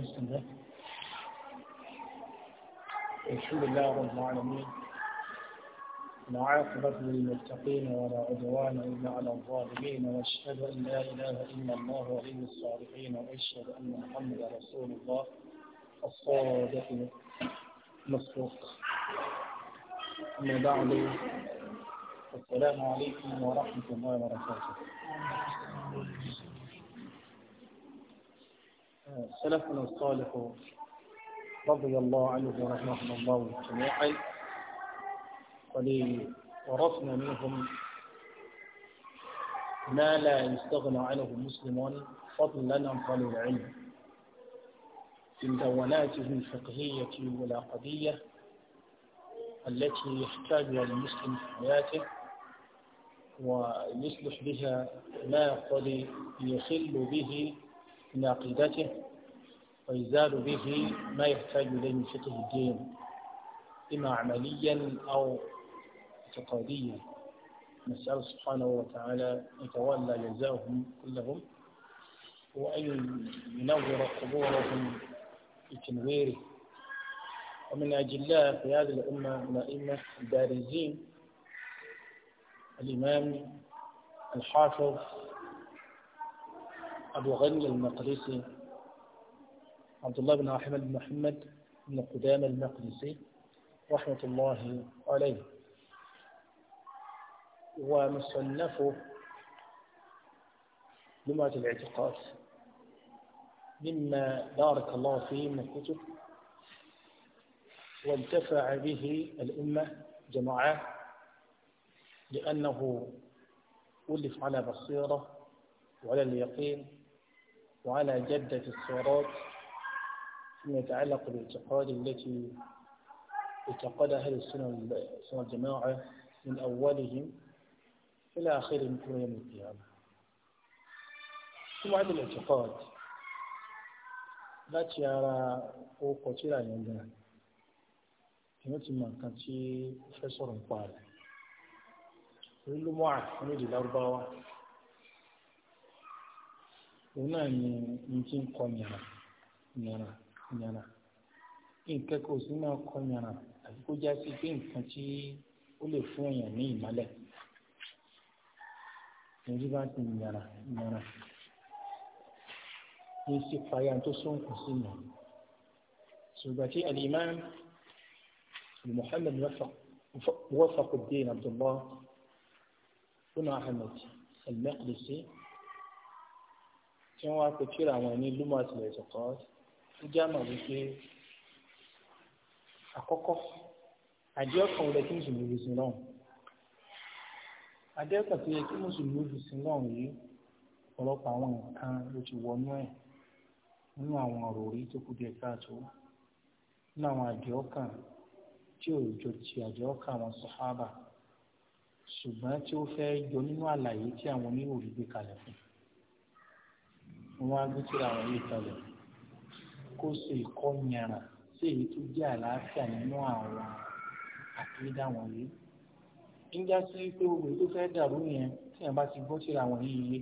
بسم الله الحمد لله رب العالمين لا عاقبة للمتقين ولا عدوان إلا على الظالمين وأشهد أن لا إله إلا الله وإن الصالحين وأشهد أن محمد رسول الله الصادق المصدوق أما بعد السلام عليكم ورحمة الله وبركاته سلفنا الصالح رضي الله عنه ورحمه الله جميعا ورثنا منهم ما لا يستغنى عنه مسلم فضلا عن طالب العلم في مدوناته الفقهية والعقدية التي يحتاجها المسلم في حياته ويصلح بها ما قد يخل به من عقيدته ويزال به ما يحتاج إليه من فقه الدين إما عمليا أو اعتقاديا نسأل سبحانه وتعالى يتولى جزاهم كلهم وأن ينور قبورهم بتنويره ومن اجل الله في هذه الأمة من الأئمة البارزين الإمام الحافظ أبو غني المقدسي عبد الله بن أحمد بن محمد بن قدام المقدسي رحمة الله عليه ومصنفه لمعة الاعتقاد مما بارك الله فيه من الكتب وانتفع به الأمة جماعة لأنه ألف على بصيرة وعلى اليقين وعلى جدة الصورات فيما يتعلق بالاعتقاد التي اعتقد أهل السنة والجماعة من أولهم إلى آخرهم في يوم القيامة ثم هذا الاعتقاد láti يرى orúkọ tíra yẹn gan èmi ti mọ nǹkan tí ó fẹ́ sọ̀rọ̀ nípa òun náà ni n ti ń kọ yàrá yàrá yàrá nǹkan kò sí máa kọ yàrá àti kó já sí pé nǹkan tí ó lè fún èèyàn ní ìmọ́lẹ̀ èyí bá ti yàrá yàrá ní sí payá tó sọ̀nkù sí mi ṣùgbọ́n tí alimam muhammed wafaquddin abdullah bin ahmed al-maqdisi. kí wọ́n á pe àwọn ní lúmọ̀ àtìlẹ̀ ìtọ̀kọ́ ó já wípé àkọ́kọ́ àjẹ́ wọlé kí mùsùlùmí fi sin náà àjẹ́ yẹ kí mùsùlùmí fi sin náà yìí ọ̀pọ̀lọpọ̀ àwọn nǹkan ló ti wọnú ẹ̀ nínú àwọn ọ̀rọ̀ orí tó kù díẹ̀ káàtó nínú àwọn wọ́n á gbé tíra àwọn yìí kalẹ̀ kó ṣe ìkọ́nyàrà sí èyí tó jẹ́ àlàáfíà nínú àwọn àkéédà wọ̀nyí. ń já sí pé gbogbo tó fẹ́ dàrú yẹn tí yẹn bá ti gbọ́ tíra àwọn yìí yé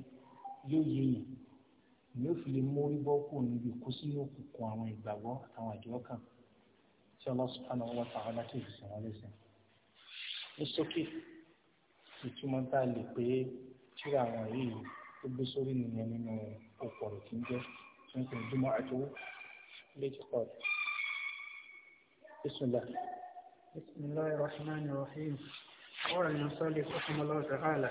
yóò yé yẹn ni ó fi lè mórí bọ́ kù níbi kó sínú òkùnkùn àwọn ìgbàgbọ́ àtàwọn àjọ kan tí Allah subhanahu wa ta'ala kì í sìn ní sókè ìtumọ̀ lè pé tíra àwọn yìí tó gbé sórí nìyẹn nínú rẹ̀. بسم الله بسم الله الرحمن الرحيم قال المصلي رحمه الله تعالى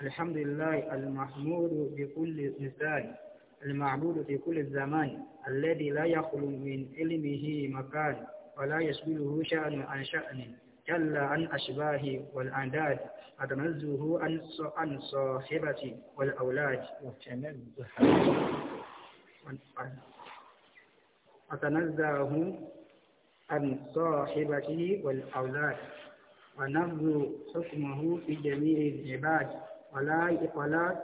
الحمد لله المحمود بكل انسان المعبود في كل الزمان الذي لا يخلو من علمه مكان ولا يشبهه شأن عن شأن جل عن أشباه والأنداد أتنزه عن صاحبة والأولاد أتنزه عن صاحبته والأولاد ونبذ حكمه في جميع العباد ولا ولا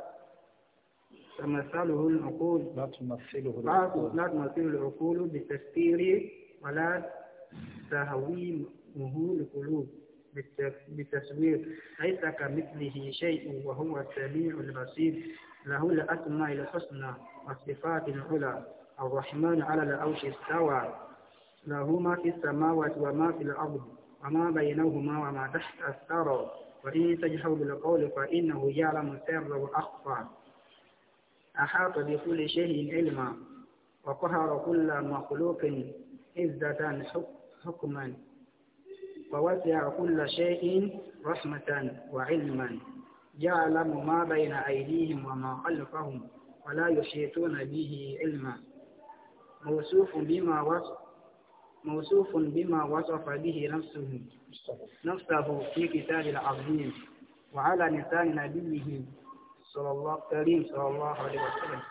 تمثله العقول لا تمثله العقول لا تمثله العقول بتفسير ولا تهويل مهول القلوب بالتسوير ليس كمثله شيء وهو السميع البصير له الأسماء الحسنى والصفات العلى الرحمن على العرش استوى له ما في السماوات وما في الأرض وما بينهما وما تحت الثرى وإن تجهر بالقول فإنه يعلم السر وأخفى أحاط بكل شيء علما وقهر كل مخلوق عزة حكما ووسع كل شيء رحمة وعلما يعلم ما بين أيديهم وما خلفهم ولا يحيطون به علما موصوف بما وصف موصوف بما وصف به نفسه نفسه في كتاب العظيم وعلى لسان نبيه صلى الله كريم صلى الله عليه وسلم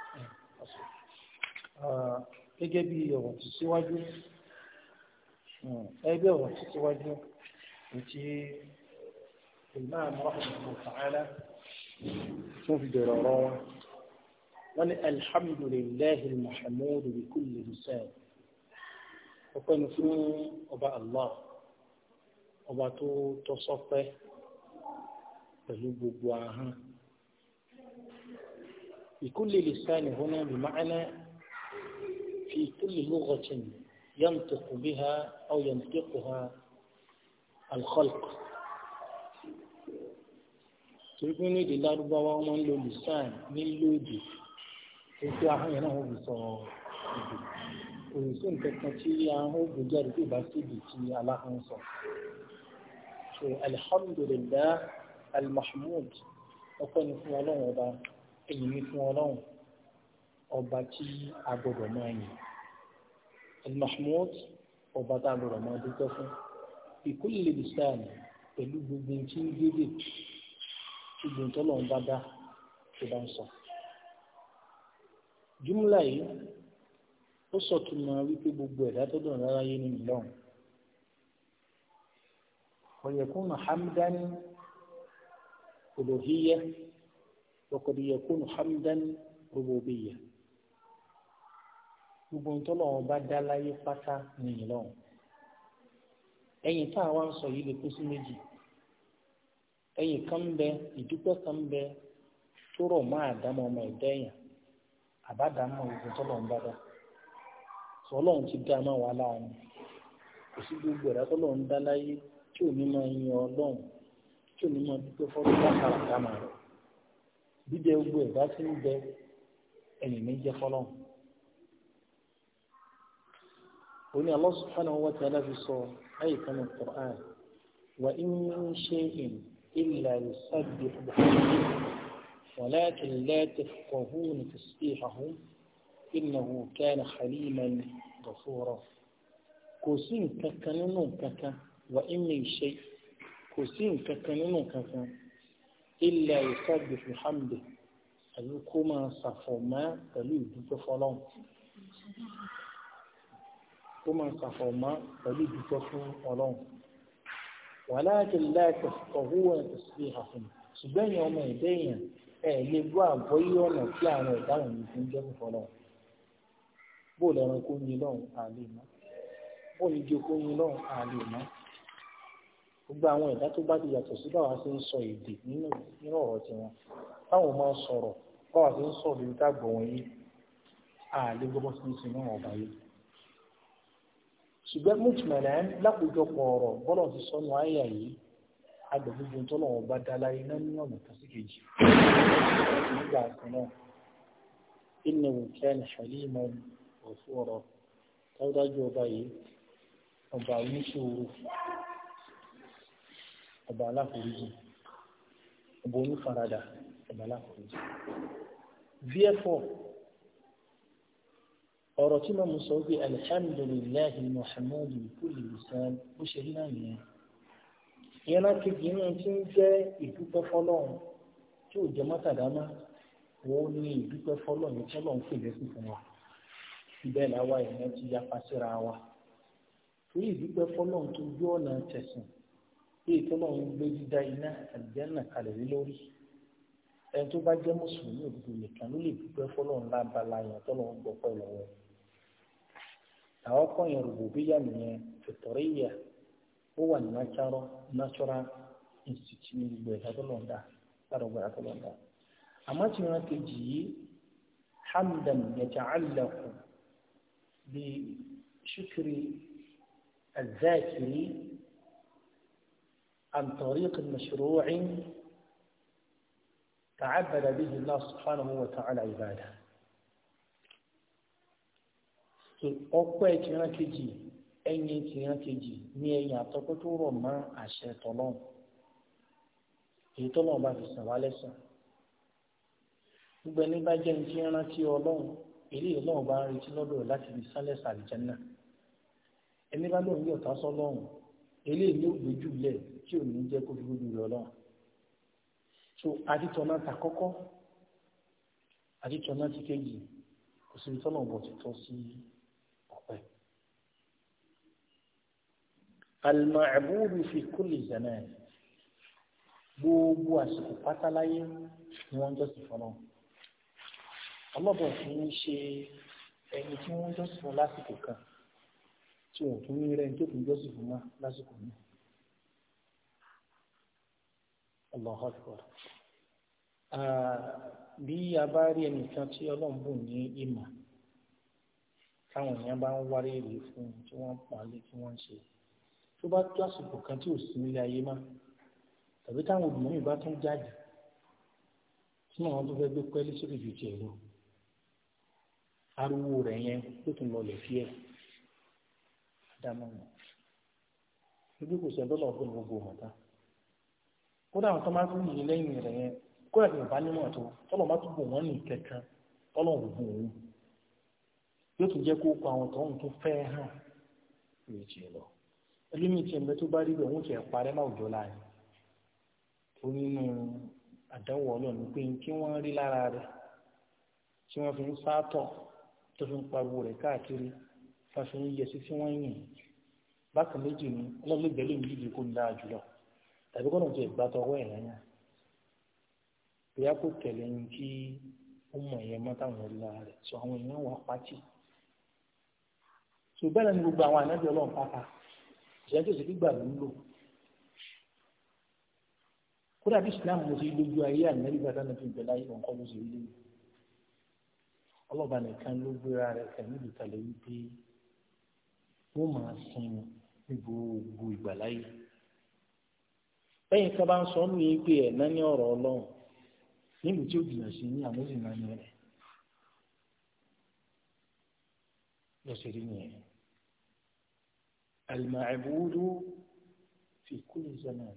gẹ́gẹ́ bí ọ̀rọ̀ tí síwájú ẹgbẹ́ ọ̀rọ̀ tí síwájú الإمام رحمه الله تعالى في درارة قال الحمد لله المحمود بكل لسان وكان في أبا الله أبا تو تصفى بكل لسان هنا بمعنى في كل لغة ينطق بها أو ينطقها alkhalq torí pé ní èdè lárúbáwá wọn ń lo lisan nílò èdè tó fi ahọ́n yẹn náà wọ́n fi sọ èdè òun sí nǹkan kan tí ahọ́n ògùn jáde tó bá síbi tí aláhàn sọ. so alhamdulillah almahmud ọpẹ́ ni fún ọlọ́run ọba ẹ̀yìn ni fún ọlọ́run ọba tí a gbọ́dọ̀ máa yìn almahmud ọba tá a gbọ́dọ̀ máa dúpẹ́ fún ìkólè lùsáàlì pẹ̀lú gbogbo tí ń gbédè gbogbo tọ́lọ̀ ń bá dá tó bá ń sọ. jùmùlà yìí ó sọ̀túnmọ̀ wípé gbogbo ẹ̀dá tó dùn rárá yé nínú lọ́hùn. ọ̀yẹ̀kún hamdan olùhíyẹ ọ̀kọ̀dìyẹ̀kún hamdan rúbọ̀bìyẹ gbogbo tọ́lọ̀ ń bá dá láyé pátá nínú lọ́hùn. ẹ̀yìn tá a wá ń sọ yìí lè kó sí méjì ẹ̀yìn kan bẹ ìdúpẹ́ kan bẹ tó rọ̀ mọ́ àdámọ́ ọmọ ẹ̀dá ẹ̀yàn àbádámọ́ ogun tó lọ́n bá dá sọ ọlọ́run ti dá máa wà gbogbo tó dá láyé tí ò ní máa tí ò ní máa dámà gbogbo ń sọ من القرآن وإن من شيء إلا يسبح بحمده ولكن لا تفقهون تسبيحهم إنه كان حليما غفورا كوسين ككنن وإن من شيء كوسين ككنن إلا يسبح بحمده أيكما صفوما تلو دفلون kó máa ṣàfọ̀mọ́ pẹ̀lú ìdúpẹ́ fún ọlọ́run wàláàkì láti ọ̀húwà ìtòsí àfihàn ṣùgbọ́n èèyàn ọmọ ẹ̀dẹ́ èèyàn ẹ̀ lè gbọ́ àgbọ́yé ọ̀nà tí àwọn ẹ̀dá wọ̀nyí fi ń jẹ́ fún ọlọ́run bó lẹ́ran kó yin lọ́run àlè mọ́ bó ní di okó yin lọ́run àlè mọ́ gbogbo àwọn ẹ̀dá tó bá ti yàtọ̀ sí báwa ṣe ń sọ èdè nínú ọ̀rọ̀ tiwọn táwọn máa sọ̀rọ̀ báwa ṣe ń sọ̀rọ̀ ìdágbọ̀ wọ̀nyí àlè gbọ́bọ́ sí ìsìn náà ọ̀bà yìí ṣùgbọ́n mùtùmẹ̀lẹ́ lápòjọpọ̀ ọ̀rọ̀ bọ́lọ̀ ti sọnù àyà yìí agbègbè tó lọ́wọ́ bá dá láyé náà ní ọ̀nà tó sì kejì nígbà kan náà innahu kana haliman ghafura dájúdájú ọba yìí ọba oníṣòro ọba aláforíjì ọba onífaradà ọba aláforíjì therefore ọ̀rọ̀ tí mo mú sọ wípé alihamdulilayi muhammadu kulli lisan ó ṣe ní àná yẹn ìyẹn náà kejì inú tí ń jẹ́ ìdúpẹ́ fọlọ́run tí ò jẹ́ mọ́tàdámá wọ́n ní ìdúpẹ́ fọlọ́run tí ọlọ́run pè lẹ́sìn fún wa síbẹ̀ làwa ìyẹn ti yapa síra wa torí ìdúpẹ́ fọlọ́run tó gbé ọ̀nà tẹ̀sán èyí tó lọ́run gbé dídá iná àlùjánnà kalẹ̀ lé lórí ẹni tó bá jẹ́ mùsùlùmí òdodo nìkan ló lè dúpẹ́ fọlọ́run lábala yẹn tó lọ́run gbọ́ pẹ́ lọ́wọ́ تواقن الربوبية من الفطرية هو النشر نشر انستيتيوت بيتا لوندا أربعة لوندا أما تنوى تجي حمدا يتعلق بشكر الذاكر عن طريق مشروع تعبد به الله سبحانه وتعالى عباده ọpọ ẹ ti hàn kejì ẹ̀yìn ti hàn kejì ní ẹ̀yìn àtọkọ tó rọ̀ mọ́ àṣẹ tọlọ́run èyí tọlọ́run bá fi sàn wá lẹ́sàn gbogbo ẹni bá jẹ́ ní ti rántí ọlọ́run èyí ọlọ́run bá ń retí lọ́dọ̀ láti fi sálẹ̀ sàlìjẹ́ ẹni bá lóun yóò tá sọ́lọ́run èyí ni ó gbójú lẹ̀ tí ò ní jẹ́ kó fi gbójú lọ lọ́run so adítọ́nà ta kọ́kọ́ adítọ́nà ti kejì kò sí tọ́lọ̀ bọ̀ ti tọ́ sí i. al-ma'budu fi kulli zaman gbogbo àsìkò pátáláyé ni wọ́n jọ́sìn fún náà ọlọ́bọ̀ kì í ṣe ẹni tí wọ́n jọ́sìn fún lásìkò kan tí wọ́n tún rí rẹ́ni tó tún jọ́sìn fún wọn lásìkò náà Allahu Akbar bí a bá rí ẹnìkan tí Ọlọ́run bùn ní ìmọ̀ táwọn èèyàn bá ń wárí èrè fún un tí wọ́n pa á lé tí wọ́n ń ṣe tó bá tó àsìkò kan tí ò sí nílé ayé má tàbí táwọn olùmọ̀mí bá tún jáde tí tó fẹ́ gbé ju tiẹ̀ lọ ariwo rẹ̀ yẹn ló tún lọ lè fi ẹ̀ dáná mọ́ ibi kò sẹ́ńtọ́ fún gbogbo kódà àwọn tó máa ń yí lẹ́yìn rẹ̀ yẹn kódà kì í bá nímọ̀ tó tọ́lọ̀ má tún bò wọ́n ní kẹ̀kẹ́ tọ́lọ̀ ò bò wọ́n yóò tún jẹ́ límìtì ẹ̀mẹ́ tó bá rí bẹ̀ wọ́n ti ẹ̀ parẹ́ láwùjọ láàyè tó nínú àdánwò ọlọ́run pé kí wọ́n rí lára rẹ̀ tí wọ́n fi ń sátọ̀ tó fi ń pariwo rẹ̀ káàkiri tó fi ń yẹsí tí wọ́n yìn bákan méjì ni ọlọ́lẹ́gbẹ̀ẹ́ lè ń díje kó ń dáa jùlọ tàbí kọ́nà tó ìgbà tọwọ́ ẹ̀ lẹ́yìn bóyá kò tẹ̀lé ń kí ó mọ̀ ẹ̀yẹ mọ́ táwọn rí lára rẹ̀ sọ àwọn èèyàn wà pátì ṣùgbọ́n ní gbogbo àwọn ànábì ọlọ́run pátá ìyá tó sì fi gbà ló kódà na islam mo ti lójú ayé àmẹ́rí bàtà náà fi ń bẹ̀rẹ̀ ayé ọ̀nkọ́ ló ṣe lé ọlọ́ba nìkan ló gbéra rẹ̀ kàmí ìdùkàlẹ̀ wípé ó máa sin ní gbogbo lẹ́yìn ń sọ ọ́nù yìí pé ẹ̀ náà ní ọ̀rọ̀ ọlọ́run tí ó sí ní alimaẹbudu fi kúlù zọnà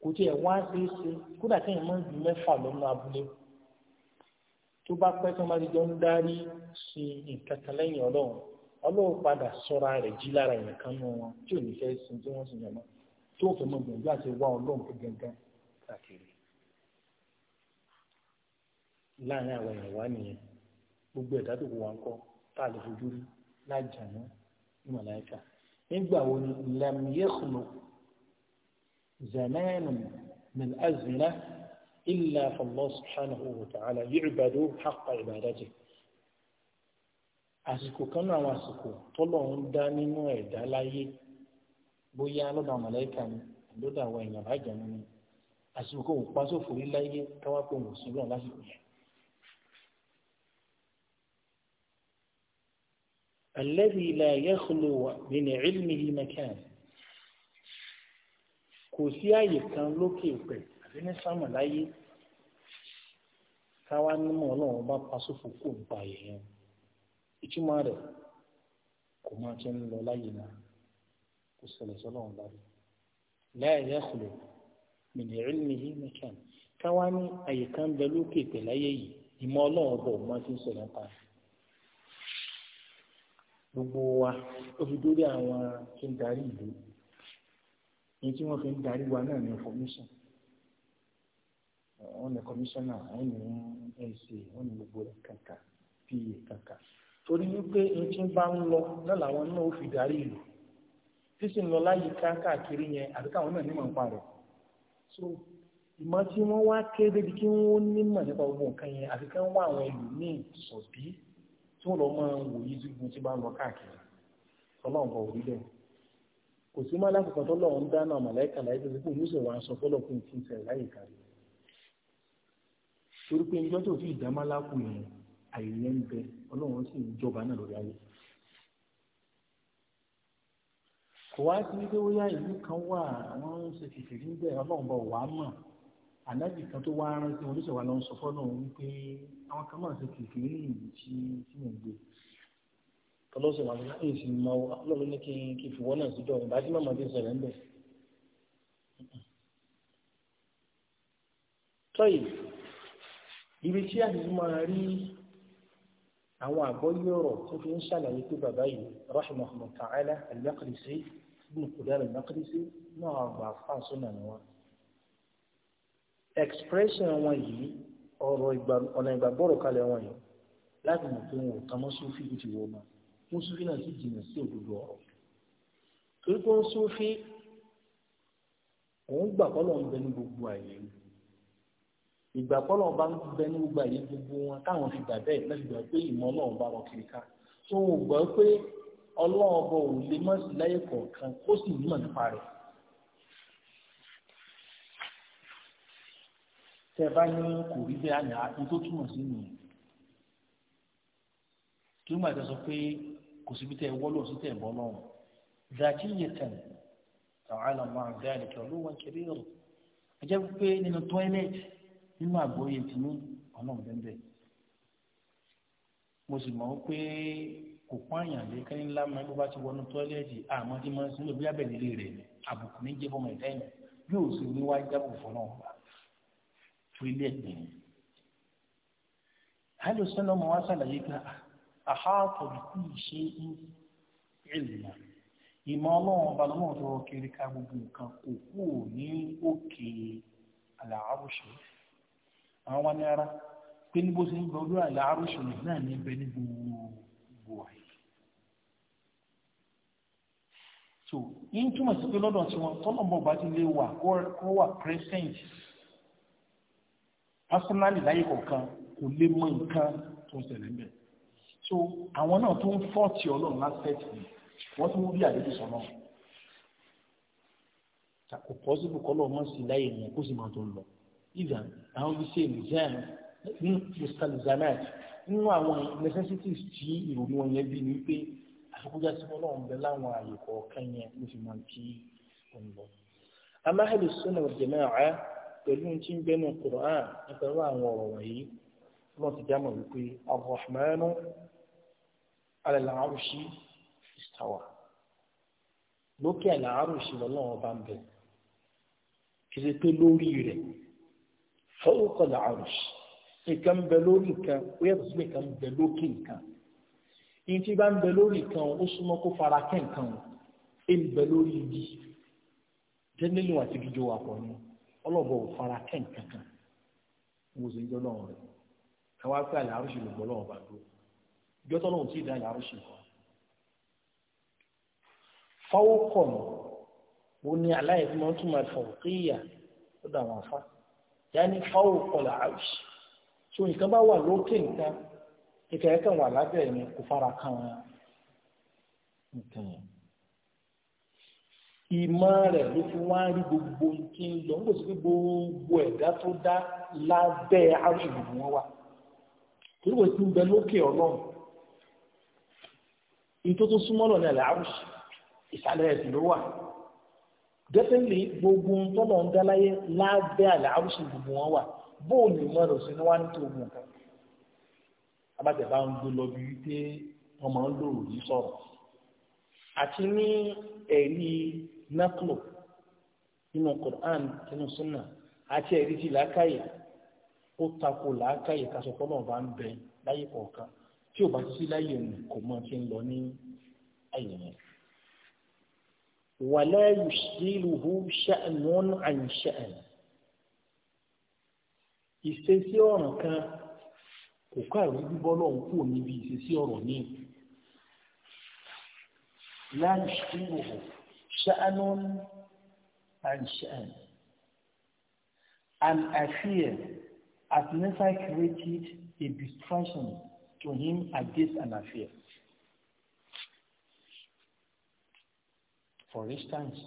kò tí ẹ wá كان ṣe kódà tí èèyàn máa ń ju mẹ́fà lọ́nà abúlé tó bá pẹ́ tó máa ti jọ ń darí sí nǹkan kan lẹ́yìn ọlọ́run ọlọ́run padà sọ́ra rẹ̀ jí lára èèyàn kan nù wọn tí ò ní fẹ́ sin tí wọ́n sì yàn mọ́ tó fẹ́ mọ gbìyànjú àti wá ọlọ́run tó gẹ́gẹ́ káàkiri láàrin àwọn èèyàn wá nìyẹn gbogbo ẹ̀dá tó kù wá kọ́ tá a lè fojú rí lájàmú ní màláìka nígbà wo ni lam yakhlu zamanun min azina illa fallah subhanahu wa ta'ala yu'badu haqqa ibadati àsìkò kan náà àwọn àsìkò tọ́lọ́run dá nínú ẹ̀dá láyé bóyá lọ́dọ̀ àwọn màláíkà ni lọ́dọ̀ àwọn èèyàn bá jẹun ni àsìkò kò pa sófò rí láyé káwá pé òun sí lọ́run lásìkò yẹn الذي لا يخلو من علمه مكان kò sí àyè kan lókè pẹ̀ àti ní sámà láyé káwá nímọ̀ ọlọ́run bá pasófò kò ń pa èèyàn ìtumọ̀ rẹ̀ kò máa ti ń lọ láyé náà kò ṣẹlẹ̀ sọlọ́run bá rẹ̀ la yakhlu min ilmihi makan káwá ní àyè kan bẹ lókè pẹ̀ láyé yìí ìmọ̀ ọlọ́run bọ̀ máa ti ń sọ̀rọ̀ pa rẹ̀. gbogbo wa ó fi dórí àwọn tí ń darí ìlú fi ń wa náà ní information wọ́n ní commissioner wọ́n ní nc wọ́n ní gbogbo rẹ̀ kàkà pa kàkà torí wípé èyí tí ń bá ń lọ náà làwọn náà ó fi darí ìlú tí sì ń lọ láyé káàkiri yẹn àti káwọn náà nímọ̀ nípa rẹ̀ so ìmọ̀ tí wọ́n wá kéré kí gbogbo nǹkan yẹn àti sọ̀bí. tí wọ́n lọ máa ń wòye sí gbogbo tí bá ń lọ káàkiri ọlọ́run kò rí bẹ́ẹ̀ kò sí máa lákòókò tó lọ́run dáná màláìka láìpẹ́ pé torí pé tó fi yẹn àìyẹ ń bẹ ọlọ́run sì ń jọba náà lórí ayé kò wá sí wípé ó yá ìlú kan wà wọ́n ń ṣe kìkìrì ń bẹ̀ ọlọ́run ànábì kan tó wá rán sí wọn ló sì wà lọ sọ fọ́nà òun pé àwọn kan máa ṣe kìkì ní ìlú tí tí mò ń gbé tọ́lọ́sọ̀ wà lọ́wọ́ èyí sì mọ ọlọ́run ní kí kí fìwọ́ náà síjọ ìbá tí màmá ti sọ̀rọ̀ ń bẹ̀. tọ́yì ibi tí a ti máa rí àwọn àgbọ́yé ọ̀rọ̀ tó fi ń ṣàlàyé pé bàbá yìí rahimahullah ta'ala al-Maqdisi ibn Qudamah al-Maqdisi náà àgbà fáṣọ́nà ni wọn expression wọn yìí ọ̀rọ̀ ọ̀nà ìgbàgbọ́rọ̀ kalẹ̀ wọn yìí láti mọ̀ pé wọn ò tán mọ́ sófì kò ti wọ́n mọ́ mú sófì náà sì jìnnà sí òdodo ọ̀rọ̀ torí pé ń sófì òun gbà kọ́lọ̀ ń bẹ ní gbogbo àyè ìgbà kọ́lọ̀ bá ń bẹ ní gbogbo àyè gbogbo wọn táwọn fi gbà bẹ́ẹ̀ láti gbà pé ìmọ̀ náà ń bá wọn kiri ká tó wọn gbọ́ pé ọlọ́ọ̀bọ ò lè mọ̀ sí láyé kọ̀ọ̀kan ó sì nímọ̀ nípa rẹ̀ tẹ bá ní kò rí bẹ́ẹ̀ àná àti tó túmọ̀ sí nìyẹn kí wọ́n máa sọ pé kò síbi tẹ wọ́ lọ́wọ́ sí tẹ̀ bọ́ lọ́wọ́ dàtí yẹ tẹ̀lé àwọn àlọ́mọ àgbẹ̀ àlejò ló wọ́n kiri rẹ̀ ẹjẹ́ pé nínú tọ́ílẹ̀tì nínú àgbóyè tí ní ọ̀nà bẹ́ẹ̀ mo sì mọ̀ pé kò pààyàn lé kẹ́ni ńlá máa bó bá ti wọnú tọ́ílẹ̀tì àmọ́ tí máa ń sinú bí abẹ́lélé rẹ̀ àbùkù ní jẹ́ fọmọ ìtẹ́yìn yóò brilliant nìyẹn hálò ka mọ́ wá sàlàyé pé àháàtọ̀ ìkú ìṣe ìlànà ìmọ̀ ọlọ́run ọba lọ́wọ́ tó kiri ká gbogbo nǹkan kò ní òkè wani ara pé ní ṣe ń gbọ́dọ̀ àlàárùṣù náà ní bẹ ní so yín túmọ̀ sí pé lọ́dọ̀ tí wọ́n ti lè personally láyé kọ̀ọ̀kan kò lè mọ nǹkan tó ń ṣẹlẹ̀ ńbẹ̀ so àwọn náà tó ń fọ́ọ̀tì ọlọ́run láspẹ̀tì yìí wọ́n tún bí àdéhùn sọ náà kò pọ́sibú kọ́lọ́ mọ́ sí láyé yẹn kó sì máa tó lọ ìdá àwọn ibi ṣe nìjẹ́n ní mustalizamat nínú àwọn necessities tí ìrònú wọn yẹn bí ni pé àfikúnjá sí ọlọ́run bẹ láwọn àyè kọ̀ọ̀kan yẹn ló fi máa ń kí òun amáhẹ́lì sọ́nà jẹ̀mẹ́ àá pẹ̀lú ní tí ń bẹ́nu Qur'an nípa àwọn ọ̀rọ̀ wọ̀nyí wọ́n ti dámọ̀ wípé Ar-Rahmanu ala al-Arshi istawa lókè al-Arshi lọ́lọ́wọ́ bá ń bẹ̀ kì í ṣe pé lórí rẹ̀ fawqa al-Arshi nǹkan bẹ lórí nǹkan ó yàtọ̀ sí nǹkan bẹ lókè nǹkan ní tí bá ń bẹ lórí nǹkan ó súnmọ́ kó fara kẹ́ ó ń bẹ lórí ibi tẹ́lẹ̀ lóun àti gíjọ wà pọ̀ nù ọlọ́bọ̀ ò fara kẹ́ǹ kankan wo sì ń jọ lọ́wọ́ rẹ̀ káwá pé àlẹ́ àrùsì ló gbọ́ lọ́wọ́ bá dúró ìjọ tó lọ́wọ́ tí ì dá àlẹ́ àrùsì kọ́ fọwọ́ kọ̀ mọ́ wo ni aláyẹ̀ tí wọ́n tún máa fọwọ́ kéèyà ó dà wọ́n fa yáni fọwọ́ kọ̀ là àrùsì so nǹkan bá wà lókè nǹkan ìkẹyẹ kan wà lábẹ́ ẹ̀yìn kò fara kan nǹkan yẹn ìmọ̀ rẹ̀ ló fi wá rí gbogbo kí n lọ nígbà tí gbogbo ẹ̀dá tó dá lábẹ́ àrùn wọn wà torí wọ́n ti ń bẹ lókè ọlọ́run ìtò tó súnmọ́ lọ ní àlẹ́ àrùn ìsàlẹ̀ ẹ̀sìn ló wà dẹ́tẹ́lì gbogbo tọ́lọ̀ ń dáláyé lábẹ́ àlẹ́ àrùn gbogbo wọn wà bóòlù ìmọ̀ rẹ̀ sí ni wọ́n á ní tó ogun kan abájàbá ń gbé lọ bí wípé wọ́n máa ń lòrò náklò nínú Qur'an nínú súnà àti ẹ̀rí ti làákàyè ó tako làákàyè kásọpọ̀ náà bá ń bẹ láyé kọ̀ọ̀kan tí ò bá sí láyé òun kò mọ ti ń lọ ní àyè yẹn. wàlẹ́ yùsílùú ṣàánún àyìnṣàánù ìṣesí ọ̀ràn kan kò káàrí bíbọ́ lọ́hùn kúrò níbi ìṣesí ọ̀ràn míì láyé ṣíwòhùn. شأن and شأن and I fear has never created a distraction to him against an affair. For instance,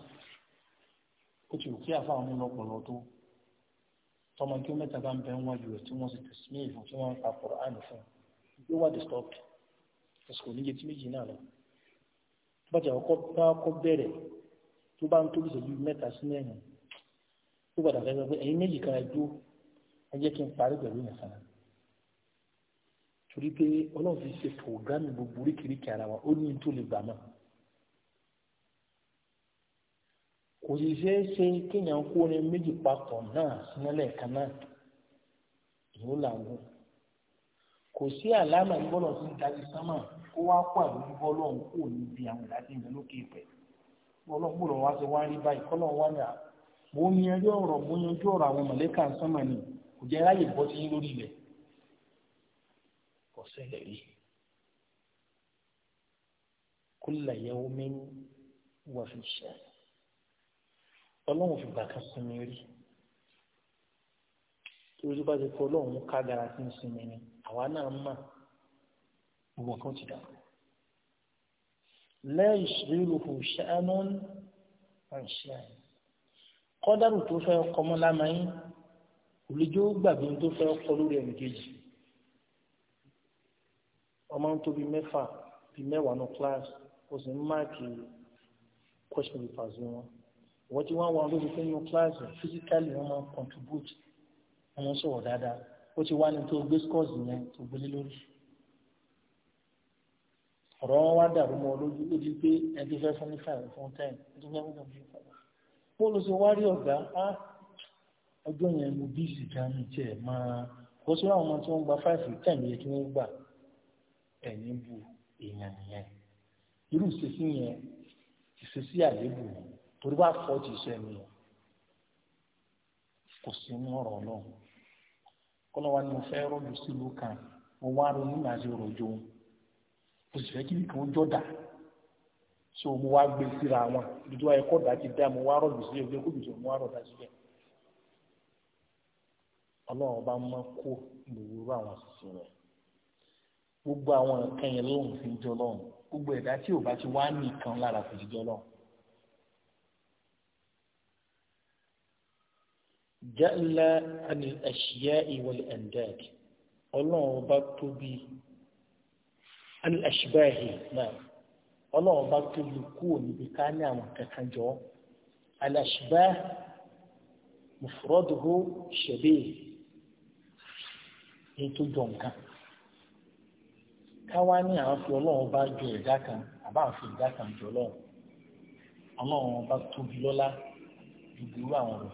ó ti rò kí àfa àwọn ọlọ́pọlọ tó tọmọ kí ó mẹ́ta bá ń bẹ níwájú rẹ̀ tí wọ́n sì tẹ̀sí ní ìfún tí wọ́n ń pa Kùránì fún un ló wà disturbed ẹ̀sùn kò níye méjì náà lọ. bàjẹ́ ọkọ̀ bẹ̀rẹ̀ tó bá ń tóbi ìṣẹ́jú mẹ́ta sí mẹ́rin tó padà fẹ́ sọ pé ẹ̀yin méjì kan ẹjú ẹ jẹ́ kí n parí pẹ̀lú yẹn fún un torí pé ọlọ́run fi ṣe pògámì gbogbo oríkèéríkèé ara wa ó ní tó lè gbà náà kò sì ṣeé ṣe kéèyàn kó ní méjì papọ̀ náà sílẹ̀ kan náà ìlú làwọn kò sí àlámà ìbọ́lọ̀ tó ń darí sánmà kó wá kó àdójúbọ́ lọ́hùn kó níbi àwọn ìdájọ́ ìdánlókè ìpẹ́ ọlọ́gbọ̀rọ̀ wá sí wá rí báyìí kọ́lọ̀ wá ní à mo ní ẹjọ́ ọ̀rọ̀ mo yanjú ọ̀rọ̀ àwọn mọ̀lẹ́kà ń sánmà ni kò jẹ́ ráyè bọ́ sí yín lórí ilẹ̀ kò ṣẹlẹ̀ rí kulla yawmin wa fi shan ọlọ́run fìgbà kan sinmi rí torí bá ti fọ ọlọ́run ká gara sí sinmi ni àwa náà mà gbogbo nǹkan ti dàrú la yushghiluhu sha'nun an sha'ni kọ́dárù tó fẹ́ kọmọ lámàáyín olùjọ́ gbàgbé tó fẹ́ kọ lórí ẹnì kejì ọmọ tó bí mẹ́fà bí mẹ́wàá ní kíláàsì ó sì ń máàkì question papers wọn wọ́n ti wá wọn lórí fún inú kíláàsì physically wọ́n máa contribute wọ́n sọ̀rọ̀ dáadáa ó ti wá ní tó gbé scores yẹn tó gbélé lórí. ọ̀rọ̀ wọn wá dàrú mọ́ lójú ó di pé ẹni fẹ́ fún ní fún tẹ́ẹ̀n tó fẹ́ fún ní bó ló ṣe wá rí ọ̀gá á ọjọ́ yẹn mo bí ìsìnká mi máa kó ọmọ tí wọ́n gba fáìlì tẹ́ẹ̀n tí wọ́n gbà ẹ̀yìn bu èèyàn nìyẹn irú ìṣesí yẹn ìṣesí àlébù yẹn torí fọ́ ti mi kò sí ní ọ̀rọ̀ kan mo wá ronú mo sì fẹ́ kí nǹkan ó jọ̀dà so mo wá gbé síra wọn ibi tó wáyé kọ́dà dá mo wá rọ̀jù sílẹ̀ ìgbẹ́ kóbi tó mo wá rọ̀dà sílẹ̀ ọlọ́run bá mọ́ kó ìlúwúrú àwọn àṣìṣe rẹ̀ gbogbo àwọn nǹkan yẹn lóhùn fi jọ lọ́hùn gbogbo ẹ̀dá tí ò bá ti wá nìkan lára kò ti jọ lọ́hùn. ja'ala anil ashiya'i wal andad ọlọ́run bá tóbi al-ashbahi náà ọlọ́run bá tó lu kúrò níbi ká ní àwọn kankan jọ al-ashbah mufraduhu shabih èyí tó jọ nǹkan káwá ní àwọn fi ọlọ́run bá jọ ẹ̀dá kan àbá àfi ẹ̀dá kan jọ lọ́run ọlọ́run bá tóbi lọ́lá dùdúrú àwọn ọ̀rọ̀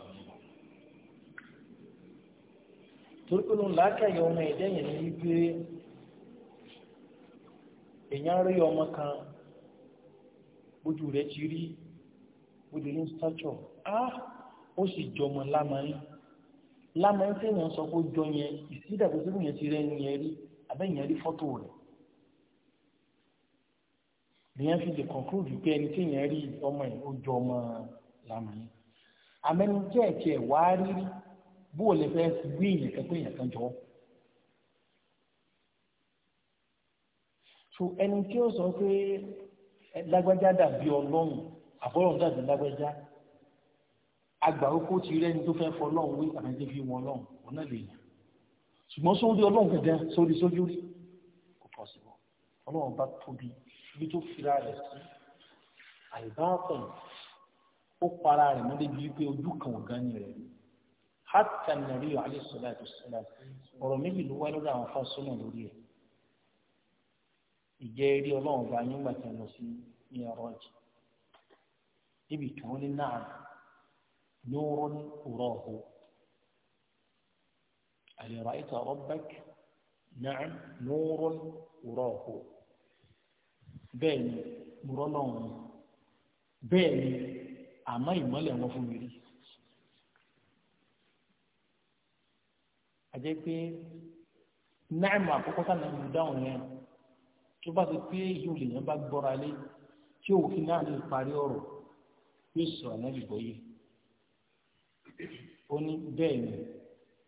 torí pé lóun làákàyè ọmọ ẹ̀dẹ́yìn ní wípé èèyàn rí ọmọ kan bójú rẹ̀ ti rí bójú ní stature ah ó sì jọmọ lámàáyín lámàáyín tí èèyàn sọ pé ó jọ yẹn ìsídàgbé tí èèyàn ti rẹ́nu yẹn rí àbẹ́yẹn rí fọ́tò rẹ̀ lèyàn fi lè conclude pé ẹni tí èèyàn rí ọmọ yìí ó jọ ọmọ lámàáyín àmẹ́ni wàá rírí bó o lè fẹ́ gbé èèyàn kan pé èèyàn kan jọ so ẹni tí ó sọ pé lágbájá dàbí ọlọ́run àbọ̀rọ̀ dàbí lágbájá agbàrókó ti rẹ́ni tó fẹ́ fọ ọlọ́run wí àbí tó fi wọn ọlọ́run wọn náà lè yàn ṣùgbọ́n sórí ọlọ́run gẹ̀gẹ́ sórí sójú rí kò pọ̀ sí wọn ọlọ́run bá tóbi ibi tó fira rẹ̀ sí àìbáàpọ̀ ó para rẹ̀ mọ́ débi pé ojú kan ò gání rẹ̀ rí nàrí àlẹ́ sọ́lá àti sọ́lá ọ̀rọ̀ méjì ló wáyé lọ́dọ̀ àwọn fásọ́nà lórí ẹ̀ ìjẹ́ rí ọlọ́run bá nígbà tí a lọ sí ní ọ̀rọ̀ jì níbi tí wọ́n ní náà lóorọ́ ní òrọ̀ ọ̀hún àlèrà ìtọ̀ rabbak náà lóorọ́ ní òrọ̀ ọ̀hún bẹ́ẹ̀ ni mo rọ́ lọ́run ni àmọ́ ìmọ́lẹ̀ wọn fún mi rí àjẹ́ náà mọ̀ àkọ́kọ́ sáà ní ìdáhùn yẹn tó bá ti pé yóò lè yẹn bá gbọ́ra lé tí òkè náà lè parí ọ̀rọ̀ yóò sọ ànábì bọ́yé ó ní bẹ́ẹ̀ ni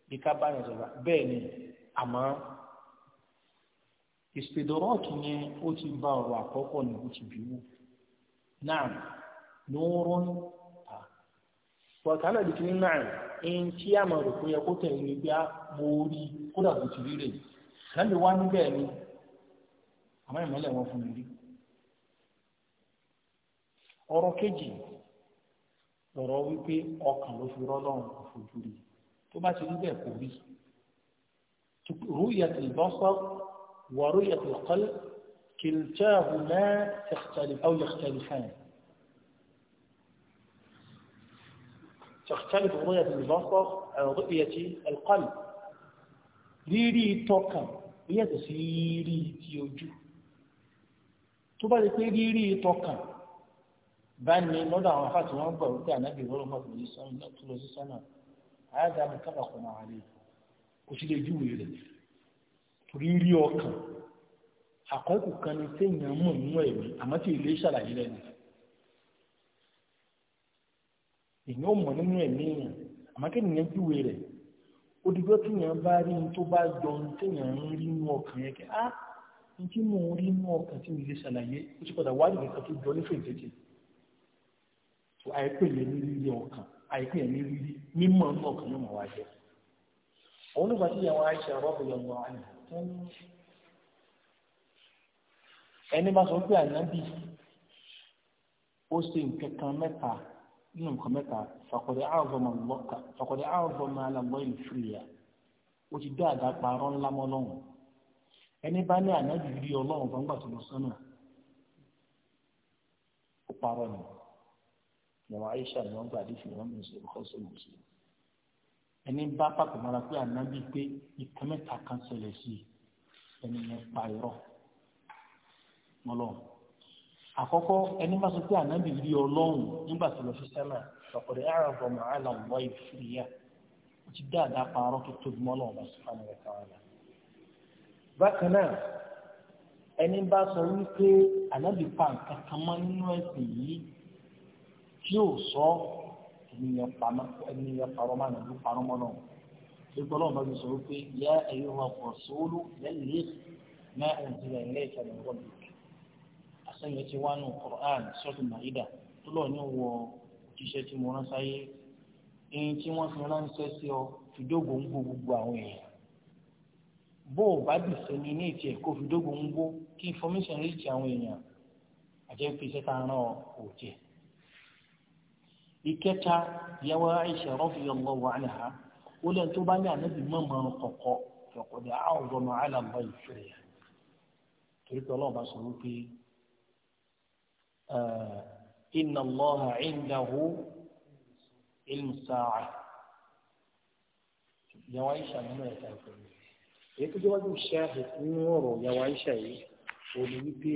bí ká bá yẹn sọ̀rọ̀ bẹ́ẹ̀ ni àmọ́ ìsèdọ̀rọ̀tù yẹn ó ti ba ọ̀rọ̀ àkọ́kọ́ ní ó ti bíwú náà lóorún ta wàkàlà ìdíkìní náà ẹni tí a mọ̀ rò pé ẹ kó tẹ̀lé bí a mọ̀ orí kódà kò ti rí rè láti wá níbẹ̀ ni àmọ́ ìmọ́lẹ̀ wọn fún mi rí ọ̀rọ̀ kejì lọ̀rọ̀ wípé ọkàn ló fi rọ́lọ́run kò fojú rí tó bá ti rí bẹ́ẹ̀ kò rí rú ru'yatul ìbọ́sọ wa rú kì í ru'yatul qalb kiltahuma takhtalif aw yakhtalifan تختلف رؤية البصر عن رؤية القلب ريري توكا هي تسيري تيوجو tó bá lè pé rírí tọkàn bá ní lọ́dọ̀ àwọn afá tí wọ́n gbà wípé ànábì ìwọ́rọ̀ mọ̀ tó sọ́nà tó lọ sí sọ́nà àádá mi kábà kọ́ máa rí kò sí lè júwe rẹ̀ rírí ọkàn àkọ́kù kan ni téèyàn mọ̀ nínú ẹ̀mí àmọ́ tí ilé ṣàlàyé rẹ̀ ni ò mọ̀ nínú ẹ̀mí yẹn àmọ́ kí nìyẹn júwe rẹ̀ ó tí yẹn bá rí ní tó bá jọ ní téèyàn rí nínú ọkàn yẹn kí á ah, ní tí mò ń rí inú ọkàn tí mi lè ṣàlàyé ó ti padà wá nìkan tó jọ nífẹ̀ẹ́ tètè tó àìpè lè ní rírí ọkàn àìpè ní rírí mímọ̀ inú ọkàn ló mọ̀ wá jẹ́ òun ló bá ti yàwọn àìsàn rọ́ọ̀bù lọ́wọ́ àná tó ń ẹni bá sọ pé ànábì ó ṣe nǹkan kan mẹ́ta nínú nǹkan mẹ́ta fàkọ̀dé àrùbọ̀mọ̀ àlàbọ̀ ìlú fìrìyà ó ti dá àdá parọ́ ńlá mọ́ lọ́wọ́ ẹni bá ní ànábì rí ọlọ́run tó ń gbà tó lọ sọ́nà ó parọ́ ni ìyàwó Aisha ni wọ́n gbà dé fi wọ́n mú sí ọkọ sọ́nà sí ẹni bá pàpọ̀ mọ́ra pé pé mẹ́ta kan ṣẹlẹ̀ sí i ẹni yẹn pa irọ́ mọ́lọ́run àkọ́kọ́ ẹni bá sọ pé ànábì rí ọlọ́run nígbà tó lọ sí sẹ́nà ọ̀pọ̀lọpọ̀ ti dáadáa bákan náà ẹni bá sọ wípé ànábì pa nǹkan kan mọ́ nínú ẹ̀sìn yìí tí ò sọ ènìyàn pamọ́ ènìyàn parọ́ máa nàlú parọ́ mọ́ náà gbogbo ọlọ́run mi sọ wípé yá ẹ̀yọ́ wa pọ̀ sóòlù lẹ́yìn náà ẹ̀ǹtìlẹ̀ ilé ìkẹlẹ̀ ti wá nù tó ní wọ tí mo rán sáyé ẹni tí fi ọ fi dógò ń gbogbo bó o bá disseminate ẹ̀ kó fi dógùn ń gbó kí information reach àwọn èèyàn àjẹ́ pé iṣẹ́ tá rán ọ jẹ́. ìkẹta ìyàwó Aisha radiyallahu ha ó tó bá ní ànábì mọ́mọ́ kọ̀kọ́ faqad a'zama ala Allahi ìfẹ́ torí pé ọlọ́ọ̀bá sọ wípé èyí tó jẹ́wájú ṣáàhì nínú ọ̀rọ̀ ìyàwó Aisha yìí ò ní wípé